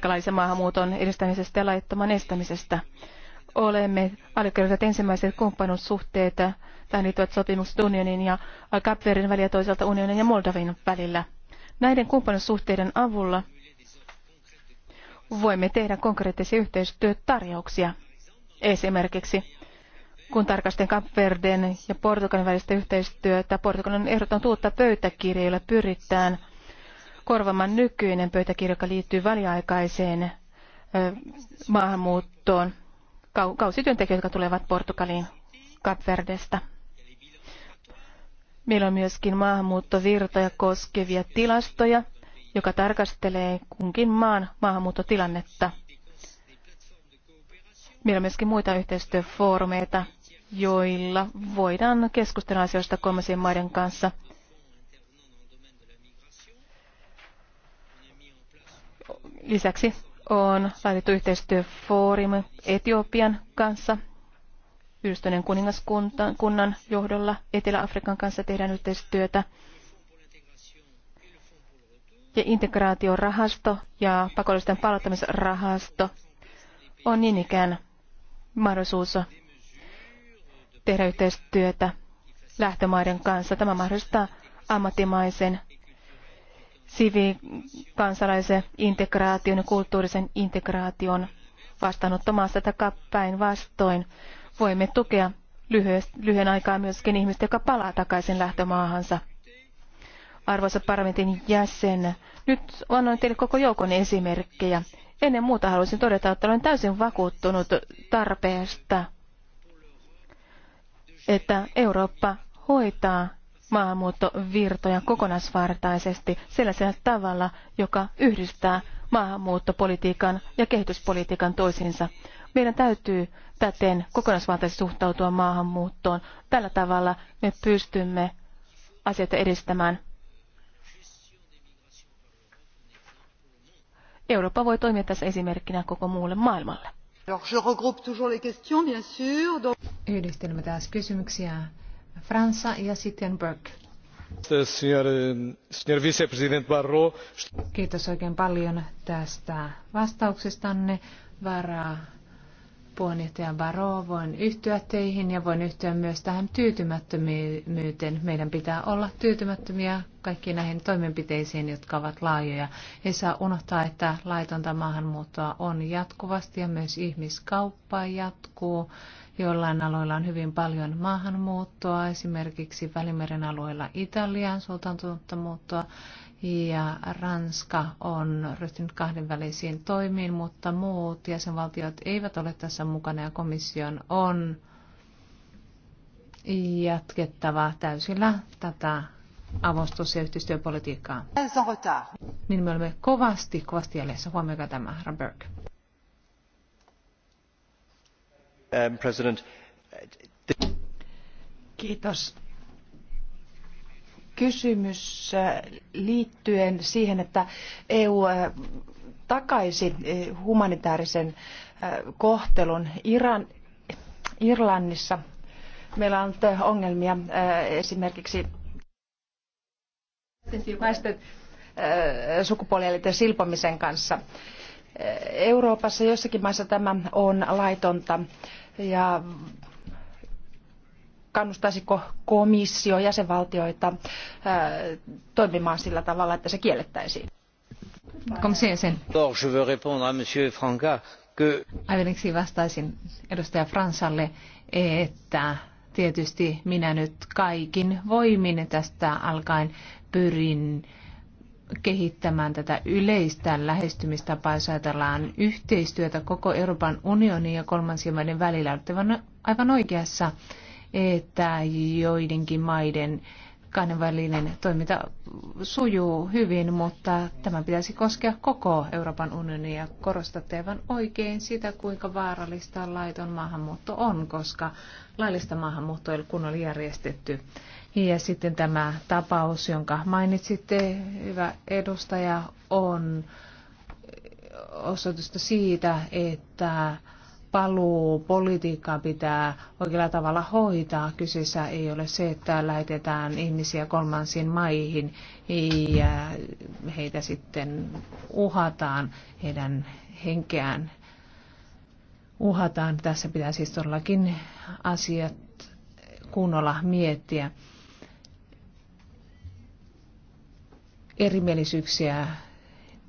Speaker 2: laillisen maahanmuuton edistämisestä ja laittoman estämisestä olemme allekirjoittaneet ensimmäiset kumppanuussuhteet tai liittyvät sopimukset unionin ja Kapverin välillä toisaalta unionin ja Moldavin välillä. Näiden kumppanuussuhteiden avulla voimme tehdä konkreettisia yhteistyötarjouksia. Esimerkiksi kun tarkastin Kapverden ja Portugalin välistä yhteistyötä, Portugalin ehdoton uutta pöytäkirjaa, jolla pyritään korvaamaan nykyinen pöytäkirja, joka liittyy väliaikaiseen maahanmuuttoon kausityöntekijöitä, jotka tulevat Portugaliin Kapverdestä. Meillä on myöskin maahanmuuttovirtoja koskevia tilastoja, joka tarkastelee kunkin maan maahanmuuttotilannetta. Meillä on myöskin muita yhteistyöfoorumeita, joilla voidaan keskustella asioista kolmansien maiden kanssa. Lisäksi on laitettu yhteistyöfoorumi Etiopian kanssa. Yhdistyneen kuningaskunnan johdolla Etelä-Afrikan kanssa tehdään yhteistyötä. Ja integraatiorahasto ja pakollisten palauttamisrahasto on niin ikään mahdollisuus tehdä yhteistyötä lähtömaiden kanssa. Tämä mahdollistaa ammattimaisen siviilikansalaisen integraation ja kulttuurisen integraation vastaanottomaassa tai päinvastoin. Voimme tukea lyhyen aikaa myöskin ihmistä, joka palaa takaisin lähtömaahansa. Arvoisa parlamentin jäsen, nyt annoin teille koko joukon esimerkkejä. Ennen muuta haluaisin todeta, että olen täysin vakuuttunut tarpeesta, että Eurooppa hoitaa maahanmuuttovirtoja kokonaisvaltaisesti sellaisella tavalla, joka yhdistää maahanmuuttopolitiikan ja kehityspolitiikan toisiinsa. Meidän täytyy täten kokonaisvaltaisesti suhtautua maahanmuuttoon. Tällä tavalla me pystymme asioita edistämään. Eurooppa voi toimia tässä esimerkkinä koko muulle maailmalle. Yhdistelmä
Speaker 4: taas kysymyksiä.
Speaker 1: Fransa ja sitten Burke. Kiitos oikein paljon tästä vastauksestanne. Varaa puheenjohtaja Baro, voin yhtyä teihin ja voin yhtyä myös tähän tyytymättömyyteen. Meidän pitää olla tyytymättömiä kaikkiin näihin toimenpiteisiin, jotka ovat laajoja. Ei saa unohtaa, että laitonta maahanmuuttoa on jatkuvasti ja myös ihmiskauppa jatkuu Jollain aloilla on hyvin paljon maahanmuuttoa, esimerkiksi Välimeren alueella Italiaan suuntaantunutta muuttoa, ja Ranska on ryhtynyt kahdenvälisiin toimiin, mutta muut jäsenvaltiot eivät ole tässä mukana ja komission on jatkettava täysillä tätä avustus- ja yhteistyöpolitiikkaa. Niin me olemme kovasti, kovasti jäljessä. Huomioikaa tämä, Raberg.
Speaker 3: Um, Kiitos. Kysymys äh, liittyen siihen, että EU äh, takaisi äh, humanitaarisen kohtelun Iran, Irlannissa. Meillä on ongelmia esimerkiksi naisten sukupuolielinten silpomisen kanssa. Euroopassa jossakin maissa tämä on laitonta ja kannustaisiko komissio jäsenvaltioita toimimaan sillä tavalla, että se kiellettäisiin?
Speaker 1: Aivan ensiksi vastaisin edustaja Fransalle, että tietysti minä nyt kaikin voimin tästä alkaen pyrin kehittämään tätä yleistä lähestymistapaa, jos ajatellaan yhteistyötä koko Euroopan unionin ja kolmansien maiden välillä. Olette aivan oikeassa, että joidenkin maiden kahdenvälinen toiminta sujuu hyvin, mutta tämä pitäisi koskea koko Euroopan unionia. Korostatte aivan oikein sitä, kuinka vaarallista laiton maahanmuutto on, koska laillista maahanmuuttoa ei ole kunnolla järjestetty. Ja sitten tämä tapaus, jonka mainitsitte, hyvä edustaja, on osoitusta siitä, että paluu politiikkaa pitää oikealla tavalla hoitaa. Kyseessä ei ole se, että lähetetään ihmisiä kolmansiin maihin ja heitä sitten uhataan, heidän henkeään uhataan. Tässä pitää siis todellakin asiat kunnolla miettiä. erimielisyyksiä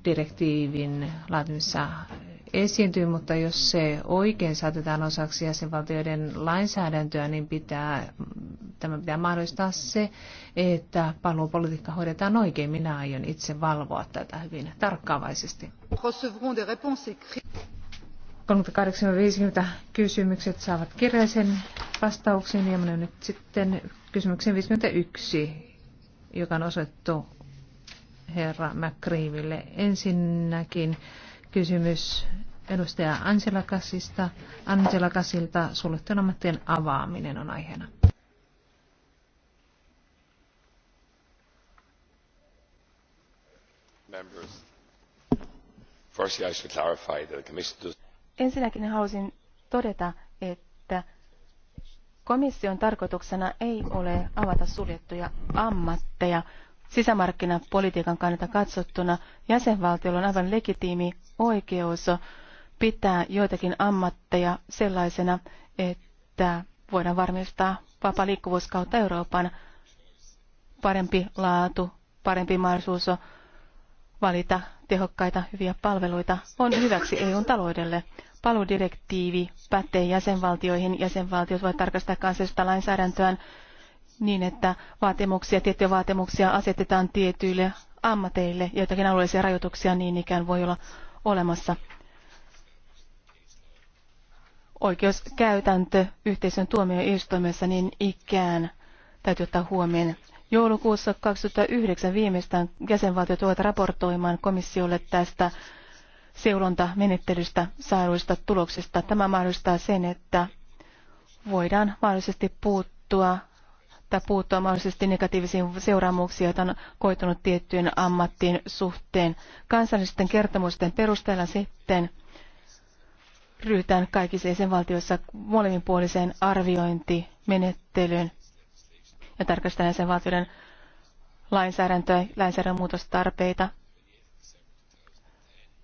Speaker 1: direktiivin laatimissa esiintyy, mutta jos se oikein saatetaan osaksi jäsenvaltioiden lainsäädäntöä, niin pitää, tämä pitää mahdollistaa se, että paluupolitiikka hoidetaan oikein. Minä aion itse valvoa tätä hyvin tarkkaavaisesti. 38-50 kysymykset saavat kirjaisen vastauksen ja nyt sitten kysymykseen 51, joka on osoitettu herra McCreeville. Ensinnäkin kysymys edustaja Angela Kassista. Angela Kassilta suljettujen ammattien avaaminen on aiheena.
Speaker 2: Members. Firstly, I should clarify that the commission does... Ensinnäkin haluaisin todeta, että komission tarkoituksena ei ole avata suljettuja ammatteja, sisämarkkinapolitiikan kannalta katsottuna jäsenvaltiolla on aivan legitiimi oikeus pitää joitakin ammatteja sellaisena, että voidaan varmistaa vapaa liikkuvuus kautta Euroopan parempi laatu, parempi mahdollisuus valita tehokkaita hyviä palveluita on hyväksi EUn taloudelle. Paludirektiivi pätee jäsenvaltioihin. Jäsenvaltiot voivat tarkastaa kansallista lainsäädäntöään niin, että vaatimuksia, tiettyjä vaatimuksia asetetaan tietyille ammateille, joitakin alueellisia rajoituksia niin ikään voi olla olemassa. Oikeuskäytäntö yhteisön tuomioistuimessa niin ikään täytyy ottaa huomioon. Joulukuussa 2009 viimeistään jäsenvaltiot ovat raportoimaan komissiolle tästä seulontamenettelystä saaduista tuloksista. Tämä mahdollistaa sen, että voidaan mahdollisesti puuttua että puuttua mahdollisesti negatiivisiin seuraamuksiin, joita on koitunut tiettyjen ammattiin suhteen. Kansallisten kertomusten perusteella sitten ryhdytään kaikissa jäsenvaltioissa molemminpuoliseen arviointimenettelyyn ja tarkastellaan jäsenvaltioiden lainsäädäntöä, lainsäädännön muutostarpeita.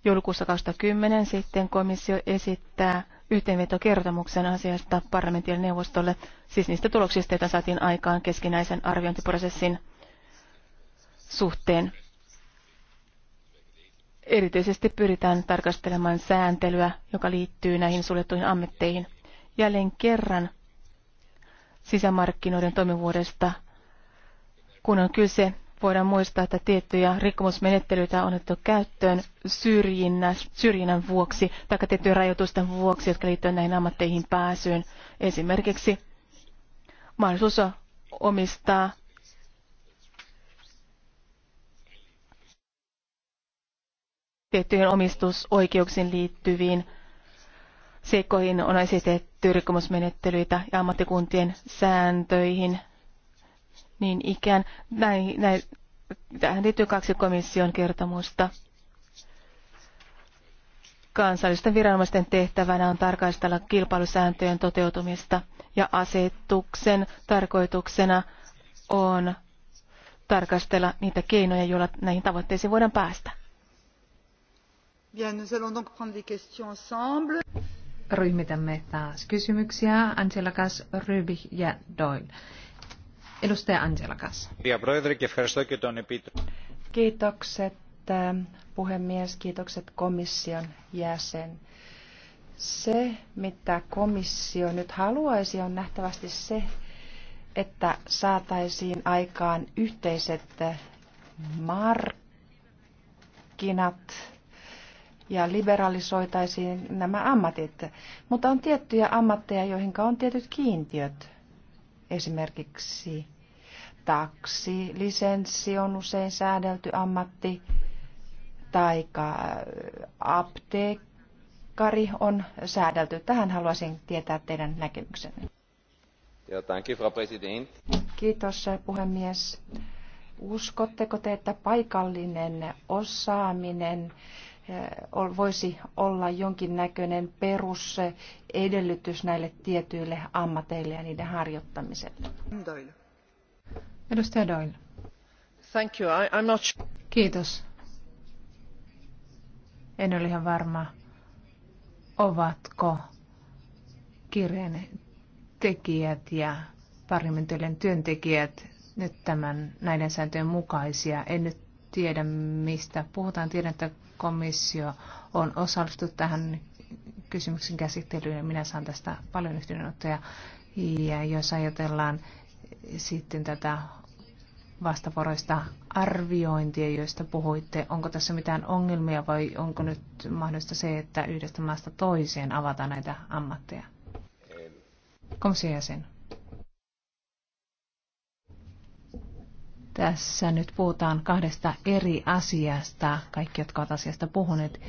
Speaker 2: Joulukuussa 2010 sitten komissio esittää yhteenvetokertomuksen asiasta parlamentille neuvostolle, siis niistä tuloksista, joita saatiin aikaan keskinäisen arviointiprosessin suhteen. Erityisesti pyritään tarkastelemaan sääntelyä, joka liittyy näihin suljettuihin ammetteihin. Jälleen kerran sisämarkkinoiden toimivuudesta, kun on kyse voidaan muistaa, että tiettyjä rikkomusmenettelyitä on otettu käyttöön syrjinnän, vuoksi tai tiettyjen rajoitusten vuoksi, jotka liittyvät näihin ammatteihin pääsyyn. Esimerkiksi mahdollisuus omistaa tiettyihin omistusoikeuksiin liittyviin seikkoihin on esitetty rikkomusmenettelyitä ja ammattikuntien sääntöihin niin ikään. Näin, näin, tähän liittyy kaksi komission kertomusta. Kansallisten viranomaisten tehtävänä on tarkastella kilpailusääntöjen toteutumista ja asetuksen tarkoituksena on tarkastella niitä keinoja, joilla näihin tavoitteisiin voidaan päästä.
Speaker 4: Bien, nous allons donc prendre questions ensemble.
Speaker 1: Ryhmitämme taas kysymyksiä. Angela Kass, Ryby ja Doyle.
Speaker 3: Edustaja Angela Kiitokset puhemies, kiitokset komission jäsen. Se, mitä komissio nyt haluaisi, on nähtävästi se, että saataisiin aikaan yhteiset markkinat ja liberalisoitaisiin nämä ammatit. Mutta on tiettyjä ammatteja, joihin on tietyt kiintiöt. Esimerkiksi taksilisenssi on usein säädelty ammatti, tai äh, apteekkari on säädelty. Tähän haluaisin tietää teidän näkemyksenne. Kiitos äh, puhemies. Uskotteko te, että paikallinen osaaminen Eh, voisi olla jonkinnäköinen perusedellytys näille tietyille ammateille ja niiden harjoittamiselle. Doyle. Edustaja Doyle.
Speaker 4: Thank you. I, I'm not... sure.
Speaker 3: Kiitos.
Speaker 1: En ole ihan varma, ovatko kirjan tekijät ja parlamentin työntekijät nyt tämän, näiden sääntöjen mukaisia. En nyt tiedä, mistä puhutaan. Tiedän, että komissio on osallistunut tähän kysymyksen käsittelyyn ja minä saan tästä paljon yhteydenottoja. Ja jos ajatellaan sitten tätä vastavuoroista arviointia, joista puhuitte, onko tässä mitään ongelmia vai onko nyt mahdollista se, että yhdestä maasta toiseen avataan näitä ammatteja? Komission jäsen. Tässä nyt puhutaan kahdesta eri asiasta, kaikki jotka ovat asiasta puhuneet.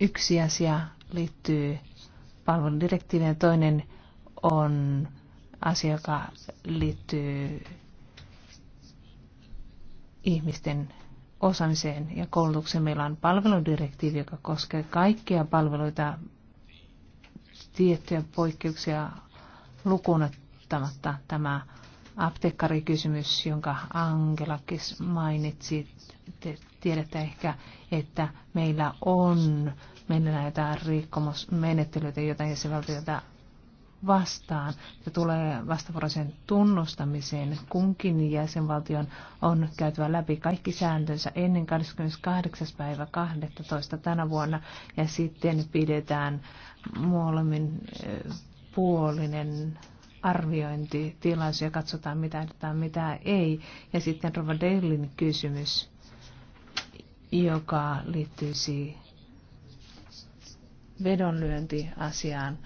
Speaker 1: Yksi asia liittyy palveludirektiiviin ja toinen on asia, joka liittyy ihmisten osaamiseen ja koulutukseen. Meillä on palveludirektiivi, joka koskee kaikkia palveluita tiettyjä poikkeuksia lukuun ottamatta. Tämä apteekkarikysymys, jonka Angelakis mainitsi. Te tiedätte ehkä, että meillä on mennä näitä rikkomusmenettelyitä, joita jäsenvaltioita vastaan. Se tulee vastavuoroisen tunnustamiseen. Kunkin jäsenvaltion on käytävä läpi kaikki sääntönsä ennen 28. päivä 12. tänä vuonna ja sitten pidetään molemmin eh, puolinen arviointitilaisuus ja katsotaan mitä ehdotetaan, mitä ei. Ja sitten Rova Dailin kysymys, joka liittyisi vedonlyöntiasiaan,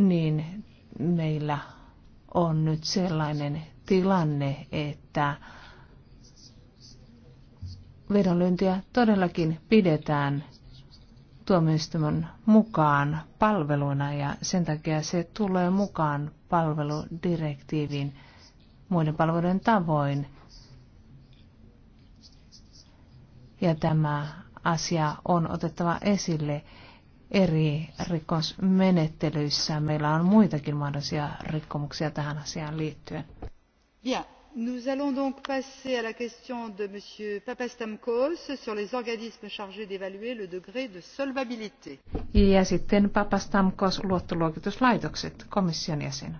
Speaker 1: niin meillä on nyt sellainen tilanne, että vedonlyöntiä todellakin pidetään tuomioistuimen mukaan palveluna ja sen takia se tulee mukaan palveludirektiivin muiden palveluiden tavoin. Ja tämä asia on otettava esille eri rikosmenettelyissä. Meillä on muitakin mahdollisia rikkomuksia tähän asiaan liittyen.
Speaker 4: Yeah nous allons donc passer à la question de m. papastamkos sur les organismes chargés d'évaluer le degré de solvabilité.
Speaker 1: Ja sitten Papastamkos luottoluokituslaitokset, komission jäsen.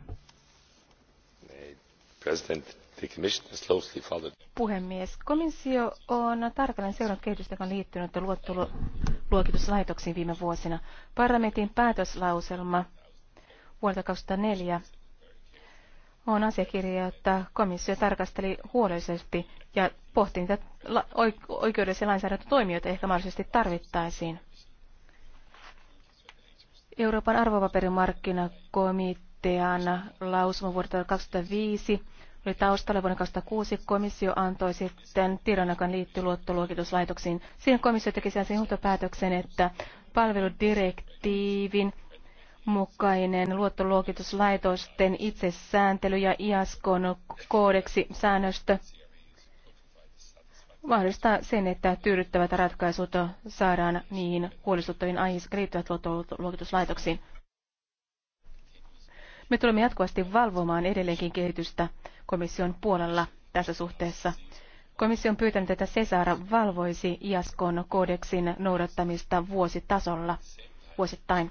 Speaker 2: Puhemies, komissio on tarkalleen seurannut kehitystä, joka on liittynyt luottoluokituslaitoksiin viime vuosina. Parlamentin päätöslauselma vuodelta 2004 on asiakirja, jota komissio tarkasteli huolellisesti ja pohti niitä oikeudellisia lainsäädäntötoimia, joita ehkä mahdollisesti tarvittaisiin. Euroopan arvopaperimarkkinakomitean lausuma vuodelta 2005 oli taustalla vuonna 2006 komissio antoi sitten tiedonakan joka liittyy luottoluokituslaitoksiin. Siinä komissio teki sen johtopäätöksen, että palveludirektiivin mukainen luottoluokituslaitosten itsesääntely ja IASKon koodeksi säännöstö mahdollistaa sen, että tyydyttävät ratkaisut saadaan niihin huolestuttaviin aiheisiin, jotka liittyvät luottoluokituslaitoksiin. Me tulemme jatkuvasti valvomaan edelleenkin kehitystä komission puolella tässä suhteessa. Komissio on pyytänyt, että Cesara valvoisi IASKon kodeksin noudattamista vuositasolla, vuosittain.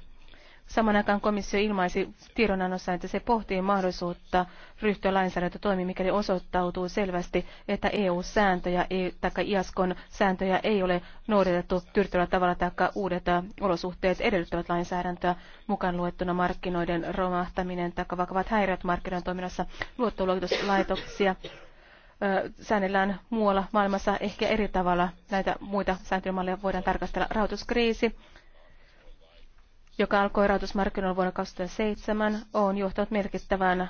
Speaker 2: Saman aikaan komissio ilmaisi tiedonannossa, että se pohtii mahdollisuutta ryhtyä lainsäädäntötoimiin, mikäli osoittautuu selvästi, että EU-sääntöjä tai IASKon sääntöjä ei ole noudatettu tyrtyvällä tavalla tai uudet äh, olosuhteet edellyttävät lainsäädäntöä mukaan luettuna markkinoiden romahtaminen tai vakavat häiriöt markkinoiden toiminnassa luottoluokituslaitoksia äh, säännellään muualla maailmassa ehkä eri tavalla. Näitä muita sääntelymalleja voidaan tarkastella. Rahoituskriisi joka alkoi rahoitusmarkkinoilla vuonna 2007, on johtanut merkittävään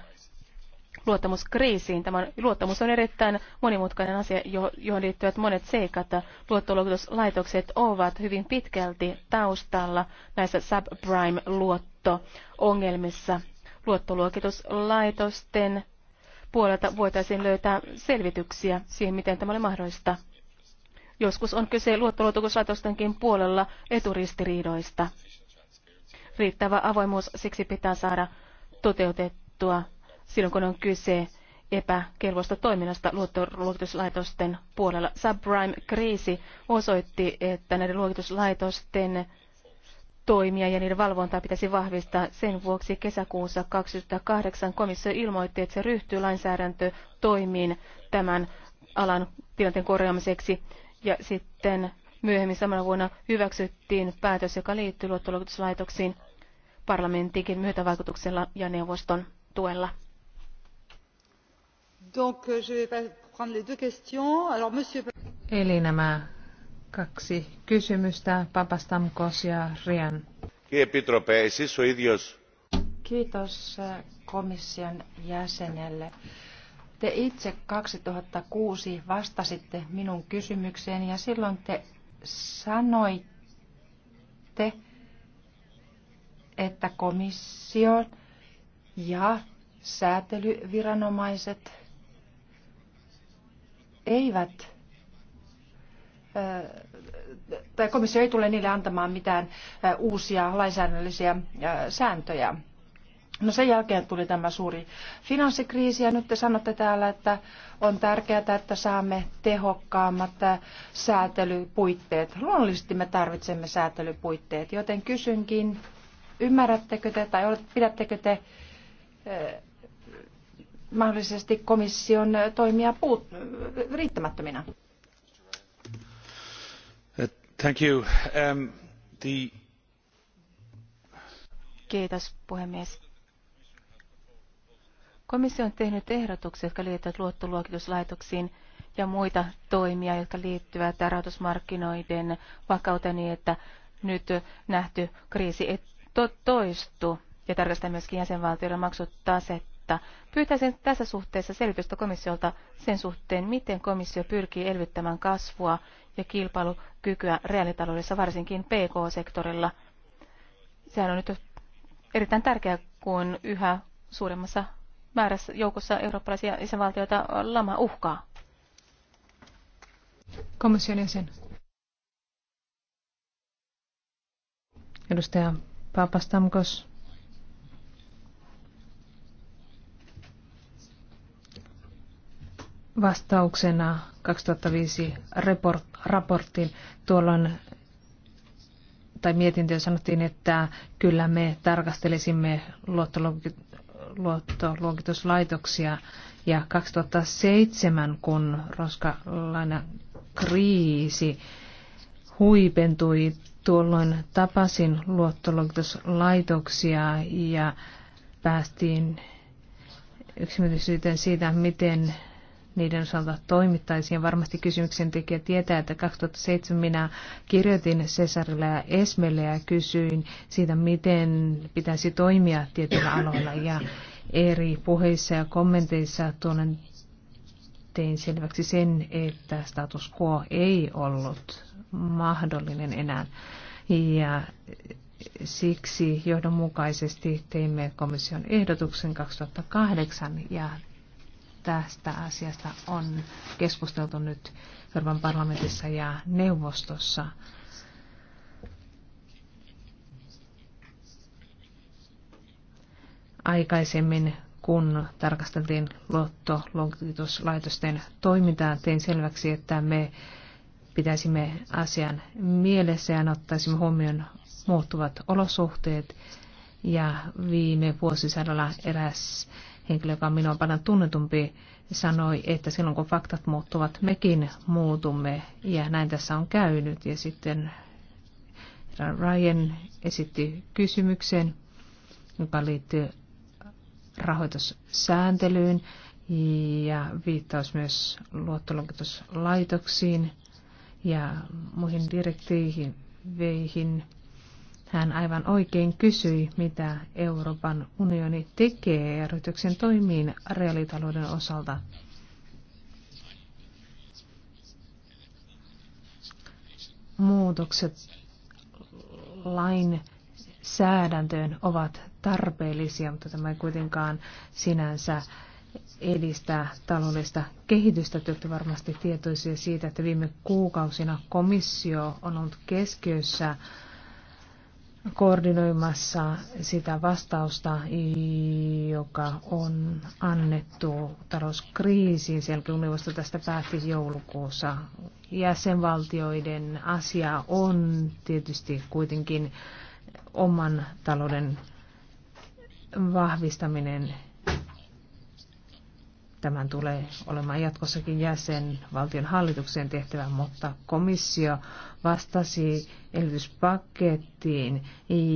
Speaker 2: luottamuskriisiin. Tämä luottamus on erittäin monimutkainen asia, johon liittyvät monet seikat. Luottoluokituslaitokset ovat hyvin pitkälti taustalla näissä subprime-luotto-ongelmissa. Luottoluokituslaitosten puolelta voitaisiin löytää selvityksiä siihen, miten tämä oli mahdollista. Joskus on kyse luottoluokituslaitostenkin puolella eturistiriidoista riittävä avoimuus siksi pitää saada toteutettua silloin, kun on kyse epäkelvosta toiminnasta luottoluokituslaitosten puolella. Subprime-kriisi osoitti, että näiden luokituslaitosten toimia ja niiden valvontaa pitäisi vahvistaa. Sen vuoksi kesäkuussa 2008 komissio ilmoitti, että se ryhtyy lainsäädäntötoimiin tämän alan tilanteen korjaamiseksi. Ja sitten myöhemmin samana vuonna hyväksyttiin päätös, joka liittyy luottoluokituslaitoksiin parlamentinkin myötävaikutuksella ja neuvoston tuella.
Speaker 4: Donc, euh, je vais prendre les deux questions. Alors, monsieur...
Speaker 1: Eli nämä kaksi kysymystä, Papastamkos
Speaker 3: ja Rian. Kiitos komission jäsenelle. Te itse 2006 vastasitte minun kysymykseen ja silloin te sanoitte, että komissio ja säätelyviranomaiset eivät tai komissio ei tule niille antamaan mitään uusia lainsäädännöllisiä sääntöjä. No sen jälkeen tuli tämä suuri finanssikriisi ja nyt te sanotte täällä, että on tärkeää, että saamme tehokkaammat säätelypuitteet. Luonnollisesti me tarvitsemme säätelypuitteet, joten kysynkin, Ymmärrättekö te tai pidättekö te mahdollisesti komission toimia puut, riittämättöminä?
Speaker 2: Uh, thank you. Um, the... Kiitos puhemies. Komissio on tehnyt ehdotuksia, jotka liittyvät luottoluokituslaitoksiin ja muita toimia, jotka liittyvät rahoitusmarkkinoiden vakauteen niin, että nyt nähty kriisi to- toistu ja tarkastaa myöskin jäsenvaltioiden maksutasetta. Pyytäisin tässä suhteessa selitystä komissiolta sen suhteen, miten komissio pyrkii elvyttämään kasvua ja kilpailukykyä reaalitaloudessa, varsinkin PK-sektorilla. Sehän on nyt erittäin tärkeää, kun yhä suuremmassa määrässä joukossa eurooppalaisia jäsenvaltioita lama uhkaa.
Speaker 1: Komission jäsen. Edustaja Papastamkos. Vastauksena 2005 raporttiin tuolloin tai mietintöön sanottiin, että kyllä me tarkastelisimme luottoluokituslaitoksia. Ja 2007, kun roskalainen kriisi kriisi huipentui. Tuolloin tapasin luottoluokituslaitoksia ja päästiin yksimielisyyteen siitä, miten niiden osalta toimittaisiin. Varmasti kysymyksen tekijä tietää, että 2007 minä kirjoitin Cesarille ja Esmelle ja kysyin siitä, miten pitäisi toimia tietyllä aloilla. Ja eri puheissa ja kommenteissa tuonne tein selväksi sen, että status quo ei ollut mahdollinen enää. Ja siksi johdonmukaisesti teimme komission ehdotuksen 2008 ja tästä asiasta on keskusteltu nyt Euroopan parlamentissa ja neuvostossa. Aikaisemmin, kun tarkasteltiin luottoluokituslaitosten toimintaa, tein selväksi, että me pitäisimme asian mielessä ja ottaisimme huomioon muuttuvat olosuhteet. Ja viime vuosisadalla eräs henkilö, joka on minua paljon tunnetumpi, sanoi, että silloin kun faktat muuttuvat, mekin muutumme. Ja näin tässä on käynyt. Ja sitten Ryan esitti kysymyksen, joka liittyy rahoitussääntelyyn ja viittaus myös luottoluokituslaitoksiin ja muihin direktiiveihin. Hän aivan oikein kysyi, mitä Euroopan unioni tekee erityksen toimiin reaalitalouden osalta. Muutokset lain säädäntöön ovat tarpeellisia, mutta tämä ei kuitenkaan sinänsä edistää taloudellista kehitystä. Te olette varmasti tietoisia siitä, että viime kuukausina komissio on ollut keskiössä koordinoimassa sitä vastausta, joka on annettu talouskriisiin. Sielläkin neuvosto tästä päätti joulukuussa. Jäsenvaltioiden asia on tietysti kuitenkin oman talouden vahvistaminen Tämän tulee olemaan jatkossakin jäsenvaltion hallituksen tehtävä, mutta komissio vastasi elvytyspakettiin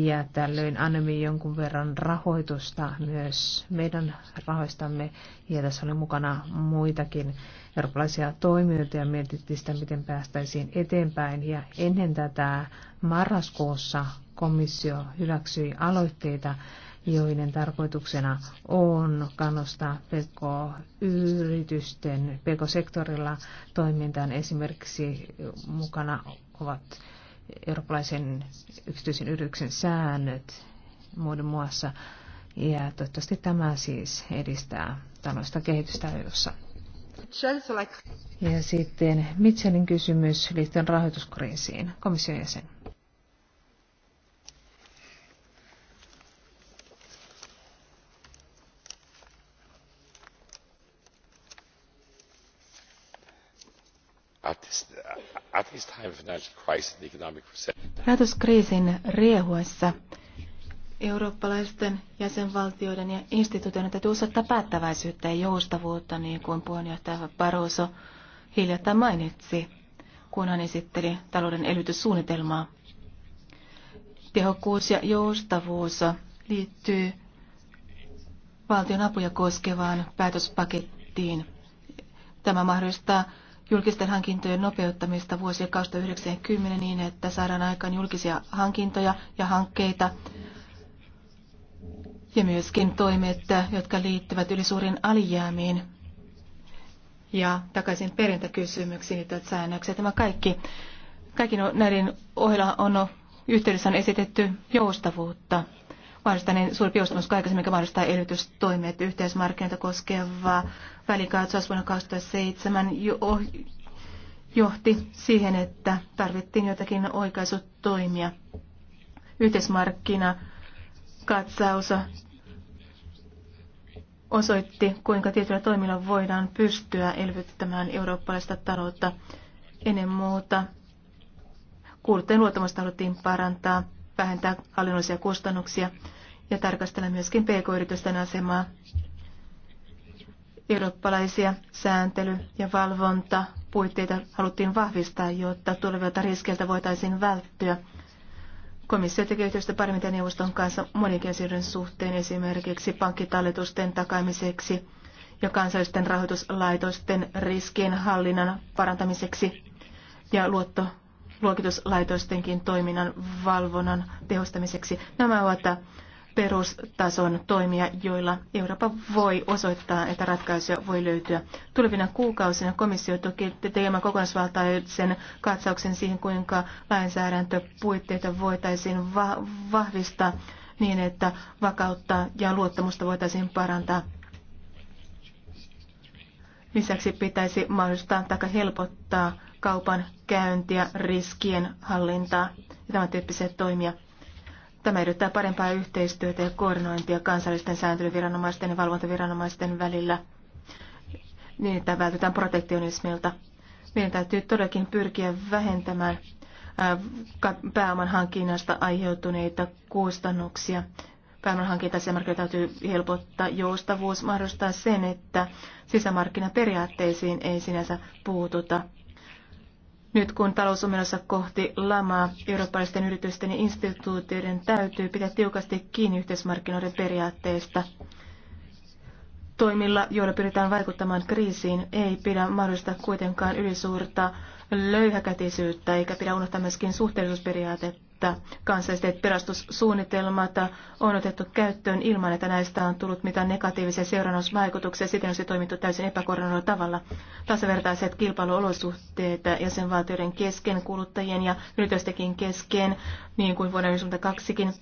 Speaker 1: ja tällöin annamme jonkun verran rahoitusta myös meidän rahoistamme ja tässä oli mukana muitakin eurooppalaisia toimijoita ja mietittiin sitä, miten päästäisiin eteenpäin ja ennen tätä marraskuussa komissio hyväksyi aloitteita joiden tarkoituksena on kannustaa PK-yritysten, PK-sektorilla toimintaan esimerkiksi mukana ovat eurooppalaisen yksityisen yrityksen säännöt muiden muassa. Ja toivottavasti tämä siis edistää tällaista kehitystä EU:ssa. Ja sitten Mitchellin kysymys liittyen rahoituskriisiin. Komission jäsen.
Speaker 3: Uh,
Speaker 2: Rahoituskriisin riehuessa eurooppalaisten jäsenvaltioiden ja instituutioiden täytyy osoittaa päättäväisyyttä ja joustavuutta, niin kuin puheenjohtaja Barroso hiljattain mainitsi, kun hän esitteli talouden elvytyssuunnitelmaa. Tehokkuus ja joustavuus liittyy valtion apuja koskevaan päätöspakettiin. Tämä mahdollistaa julkisten hankintojen nopeuttamista vuosia 2090 niin, että saadaan aikaan julkisia hankintoja ja hankkeita ja myöskin toimet, jotka liittyvät ylisuuriin alijäämiin ja takaisin perintäkysymyksiin liittyvät säännökset. Tämä kaikki, kaikki no, näiden ohella on yhteydessä on esitetty joustavuutta mahdollistaa niin suuri joustavuus aikaisemmin, mikä mahdollistaa elvytystoimet, yhteismarkkinoita koskeva välikatsaus vuonna 2007 jo, johti siihen, että tarvittiin jotakin oikaisutoimia. Yhteismarkkina katsaus osoitti, kuinka tietyillä toimilla voidaan pystyä elvyttämään eurooppalaista taloutta ennen muuta. Kuluttajien luottamusta haluttiin parantaa, vähentää hallinnollisia kustannuksia ja tarkastella myöskin pk-yritysten asemaa. Eurooppalaisia sääntely- ja valvontapuitteita haluttiin vahvistaa, jotta tulevilta riskeiltä voitaisiin välttyä. Komissio tekee yhteistyötä parlamentin neuvoston kanssa monikielisyyden suhteen esimerkiksi pankkitalletusten takaamiseksi ja kansallisten rahoituslaitosten riskien hallinnan parantamiseksi ja luotto luokituslaitoistenkin toiminnan valvonnan tehostamiseksi. Nämä ovat perustason toimia, joilla Eurooppa voi osoittaa, että ratkaisuja voi löytyä. Tulevina kuukausina komissio toki tekemään kokonaisvaltaisen katsauksen siihen, kuinka lainsäädäntöpuitteita voitaisiin va- vahvistaa niin, että vakautta ja luottamusta voitaisiin parantaa. Lisäksi pitäisi mahdollistaa tai helpottaa kaupan käyntiä, riskien hallintaa ja tämän tyyppisiä toimia. Tämä edellyttää parempaa yhteistyötä ja koordinointia kansallisten sääntelyviranomaisten ja valvontaviranomaisten välillä niin, että vältytään protektionismilta. Meidän täytyy todellakin pyrkiä vähentämään pääoman hankinnasta aiheutuneita kustannuksia. Pääoman hankinta sisämarkkinoita täytyy helpottaa. Joustavuus mahdollistaa sen, että sisämarkkinaperiaatteisiin ei sinänsä puututa. Nyt kun talous on menossa kohti lamaa, eurooppalaisten yritysten ja instituutioiden täytyy pitää tiukasti kiinni yhteismarkkinoiden periaatteista. Toimilla, joilla pyritään vaikuttamaan kriisiin, ei pidä mahdollista kuitenkaan ylisuurta löyhäkätisyyttä, eikä pidä unohtaa myöskin suhteellisuusperiaatetta että kansalliset pelastussuunnitelmat on otettu käyttöön ilman, että näistä on tullut mitään negatiivisia seurannusvaikutuksia. Siten on se toimittu täysin epäkoordinoidulla tavalla. Tasavertaiset kilpailuolosuhteet jäsenvaltioiden kesken, kuluttajien ja yritystenkin kesken, niin kuin vuoden 1992kin,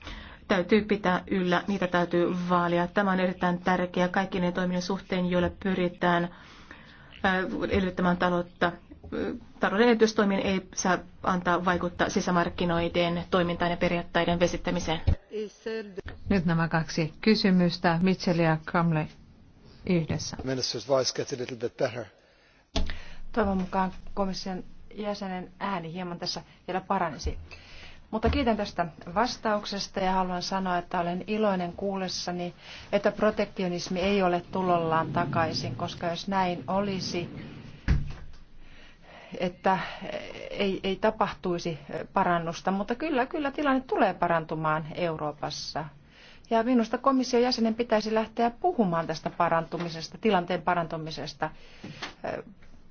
Speaker 2: täytyy pitää yllä, niitä täytyy vaalia. Tämä on erittäin tärkeää kaikkien ne toiminnan suhteen, joilla pyritään elvyttämään taloutta taloudellinen erityistoimien ei saa antaa vaikuttaa sisämarkkinoiden toimintaan ja periaatteiden vesittämiseen.
Speaker 1: Nyt nämä kaksi kysymystä, Mitchell ja Kamle yhdessä.
Speaker 3: Toivon mukaan komission jäsenen ääni hieman tässä vielä paranisi. Mutta kiitän tästä vastauksesta ja haluan sanoa, että olen iloinen kuullessani, että protektionismi ei ole tulollaan takaisin, koska jos näin olisi, että ei, ei tapahtuisi parannusta, mutta kyllä, kyllä tilanne tulee parantumaan Euroopassa. Ja minusta komission jäsenen pitäisi lähteä puhumaan tästä parantumisesta, tilanteen parantumisesta.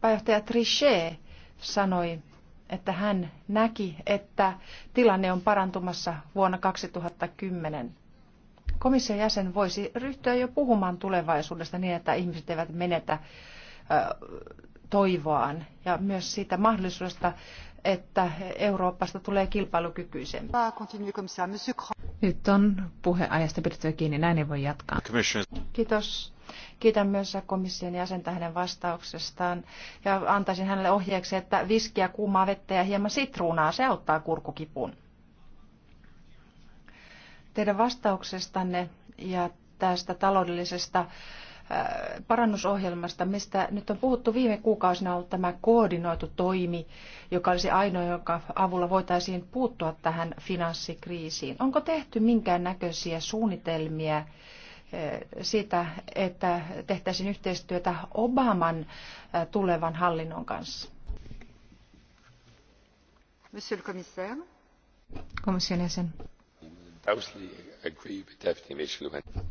Speaker 3: Pääjohtaja Trichet sanoi, että hän näki, että tilanne on parantumassa vuonna 2010 komission jäsen voisi ryhtyä jo puhumaan tulevaisuudesta niin, että ihmiset eivät menetä toivoaan ja myös siitä mahdollisuudesta, että Euroopasta tulee kilpailukykyisempi.
Speaker 1: Nyt on puheajasta pidettävä kiinni, näin ei voi jatkaa.
Speaker 3: Kiitos. Kiitän myös komission jäsentä hänen vastauksestaan ja antaisin hänelle ohjeeksi, että viskiä, kuumaa vettä ja hieman sitruunaa, se auttaa kurkukipuun. Teidän vastauksestanne ja tästä taloudellisesta Äh, parannusohjelmasta, mistä nyt on puhuttu viime kuukausina, on tämä koordinoitu toimi, joka olisi ainoa, jonka avulla voitaisiin puuttua tähän finanssikriisiin. Onko tehty minkään näköisiä suunnitelmia äh, siitä, että tehtäisiin yhteistyötä Obaman äh, tulevan hallinnon kanssa?
Speaker 4: Monsieur le commissaire.
Speaker 1: Komission jäsen.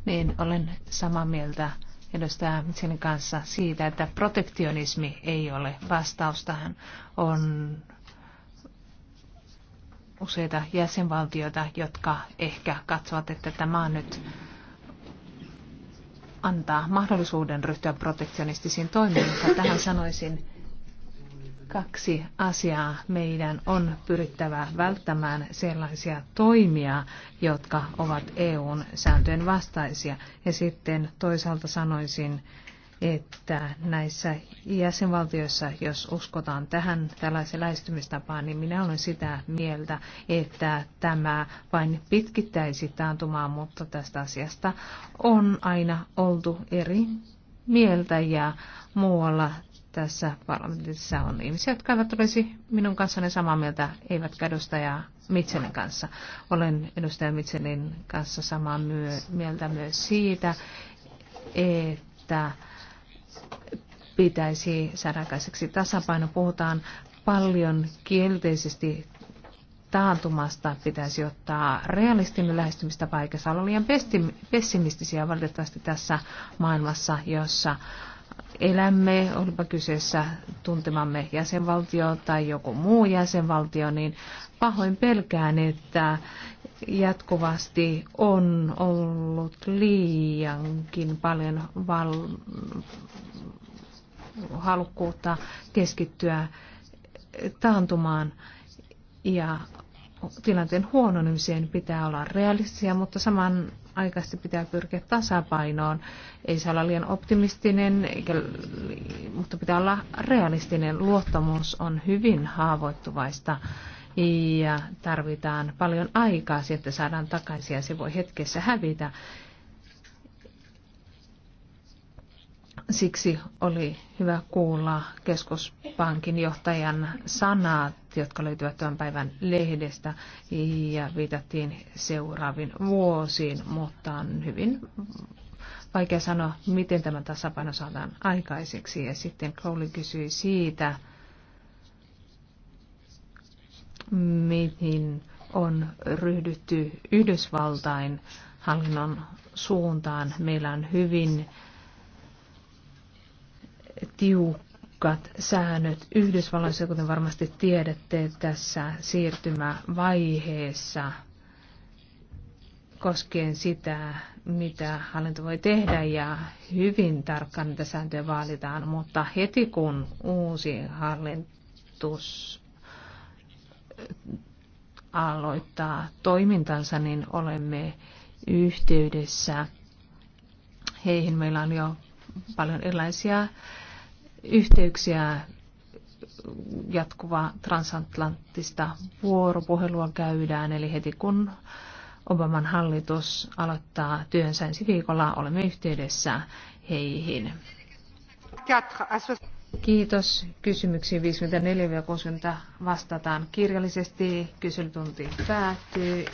Speaker 1: Niin, olen samaa mieltä edustaja Mitsin kanssa siitä, että protektionismi ei ole vastaus tähän. On useita jäsenvaltioita, jotka ehkä katsovat, että tämä on nyt antaa mahdollisuuden ryhtyä protektionistisiin toimiin, mutta tähän sanoisin, kaksi asiaa. Meidän on pyrittävä välttämään sellaisia toimia, jotka ovat EUn sääntöjen vastaisia. Ja sitten toisaalta sanoisin, että näissä jäsenvaltioissa, jos uskotaan tähän tällaiseen lähestymistapaan, niin minä olen sitä mieltä, että tämä vain pitkittäisi taantumaa, mutta tästä asiasta on aina oltu eri mieltä ja muualla tässä parlamentissa on ihmisiä, jotka eivät olisi minun kanssani samaa mieltä, eivät edustaja Mitchellin kanssa. Olen edustaja Mitchellin kanssa samaa myö- mieltä myös siitä, että pitäisi saada tasapaino. Puhutaan paljon kielteisesti taantumasta pitäisi ottaa realistinen lähestymistapa, eikä saa olla liian pessimistisiä valitettavasti tässä maailmassa, jossa elämme, olipa kyseessä tuntemamme jäsenvaltio tai joku muu jäsenvaltio, niin pahoin pelkään, että jatkuvasti on ollut liiankin paljon val- halukkuutta keskittyä taantumaan ja tilanteen huononemiseen pitää olla realistisia, mutta saman aikaisesti pitää pyrkiä tasapainoon. Ei saa olla liian optimistinen, eikä, mutta pitää olla realistinen. Luottamus on hyvin haavoittuvaista ja tarvitaan paljon aikaa, että saadaan takaisin ja se voi hetkessä hävitä. Siksi oli hyvä kuulla keskuspankin johtajan sanat jotka löytyvät tämän päivän lehdestä ja viitattiin seuraaviin vuosiin, mutta on hyvin vaikea sanoa, miten tämä tasapaino saadaan aikaiseksi. Ja sitten Crowley kysyi siitä, mihin on ryhdytty Yhdysvaltain hallinnon suuntaan. Meillä on hyvin tiukka tiukat säännöt Yhdysvalloissa, kuten varmasti tiedätte, tässä siirtymävaiheessa koskien sitä, mitä hallinto voi tehdä ja hyvin tarkkaan niitä sääntöjä vaalitaan, mutta heti kun uusi hallitus aloittaa toimintansa, niin olemme yhteydessä heihin. Meillä on jo paljon erilaisia yhteyksiä jatkuva transatlanttista vuoropuhelua käydään, eli heti kun Obaman hallitus aloittaa työnsä ensi viikolla, olemme yhteydessä heihin. Kiitos. Kysymyksiin 54-60 vastataan kirjallisesti. Kyselytunti päättyy.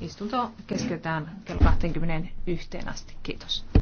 Speaker 1: Istunto keskeytään kello 21 asti. Kiitos.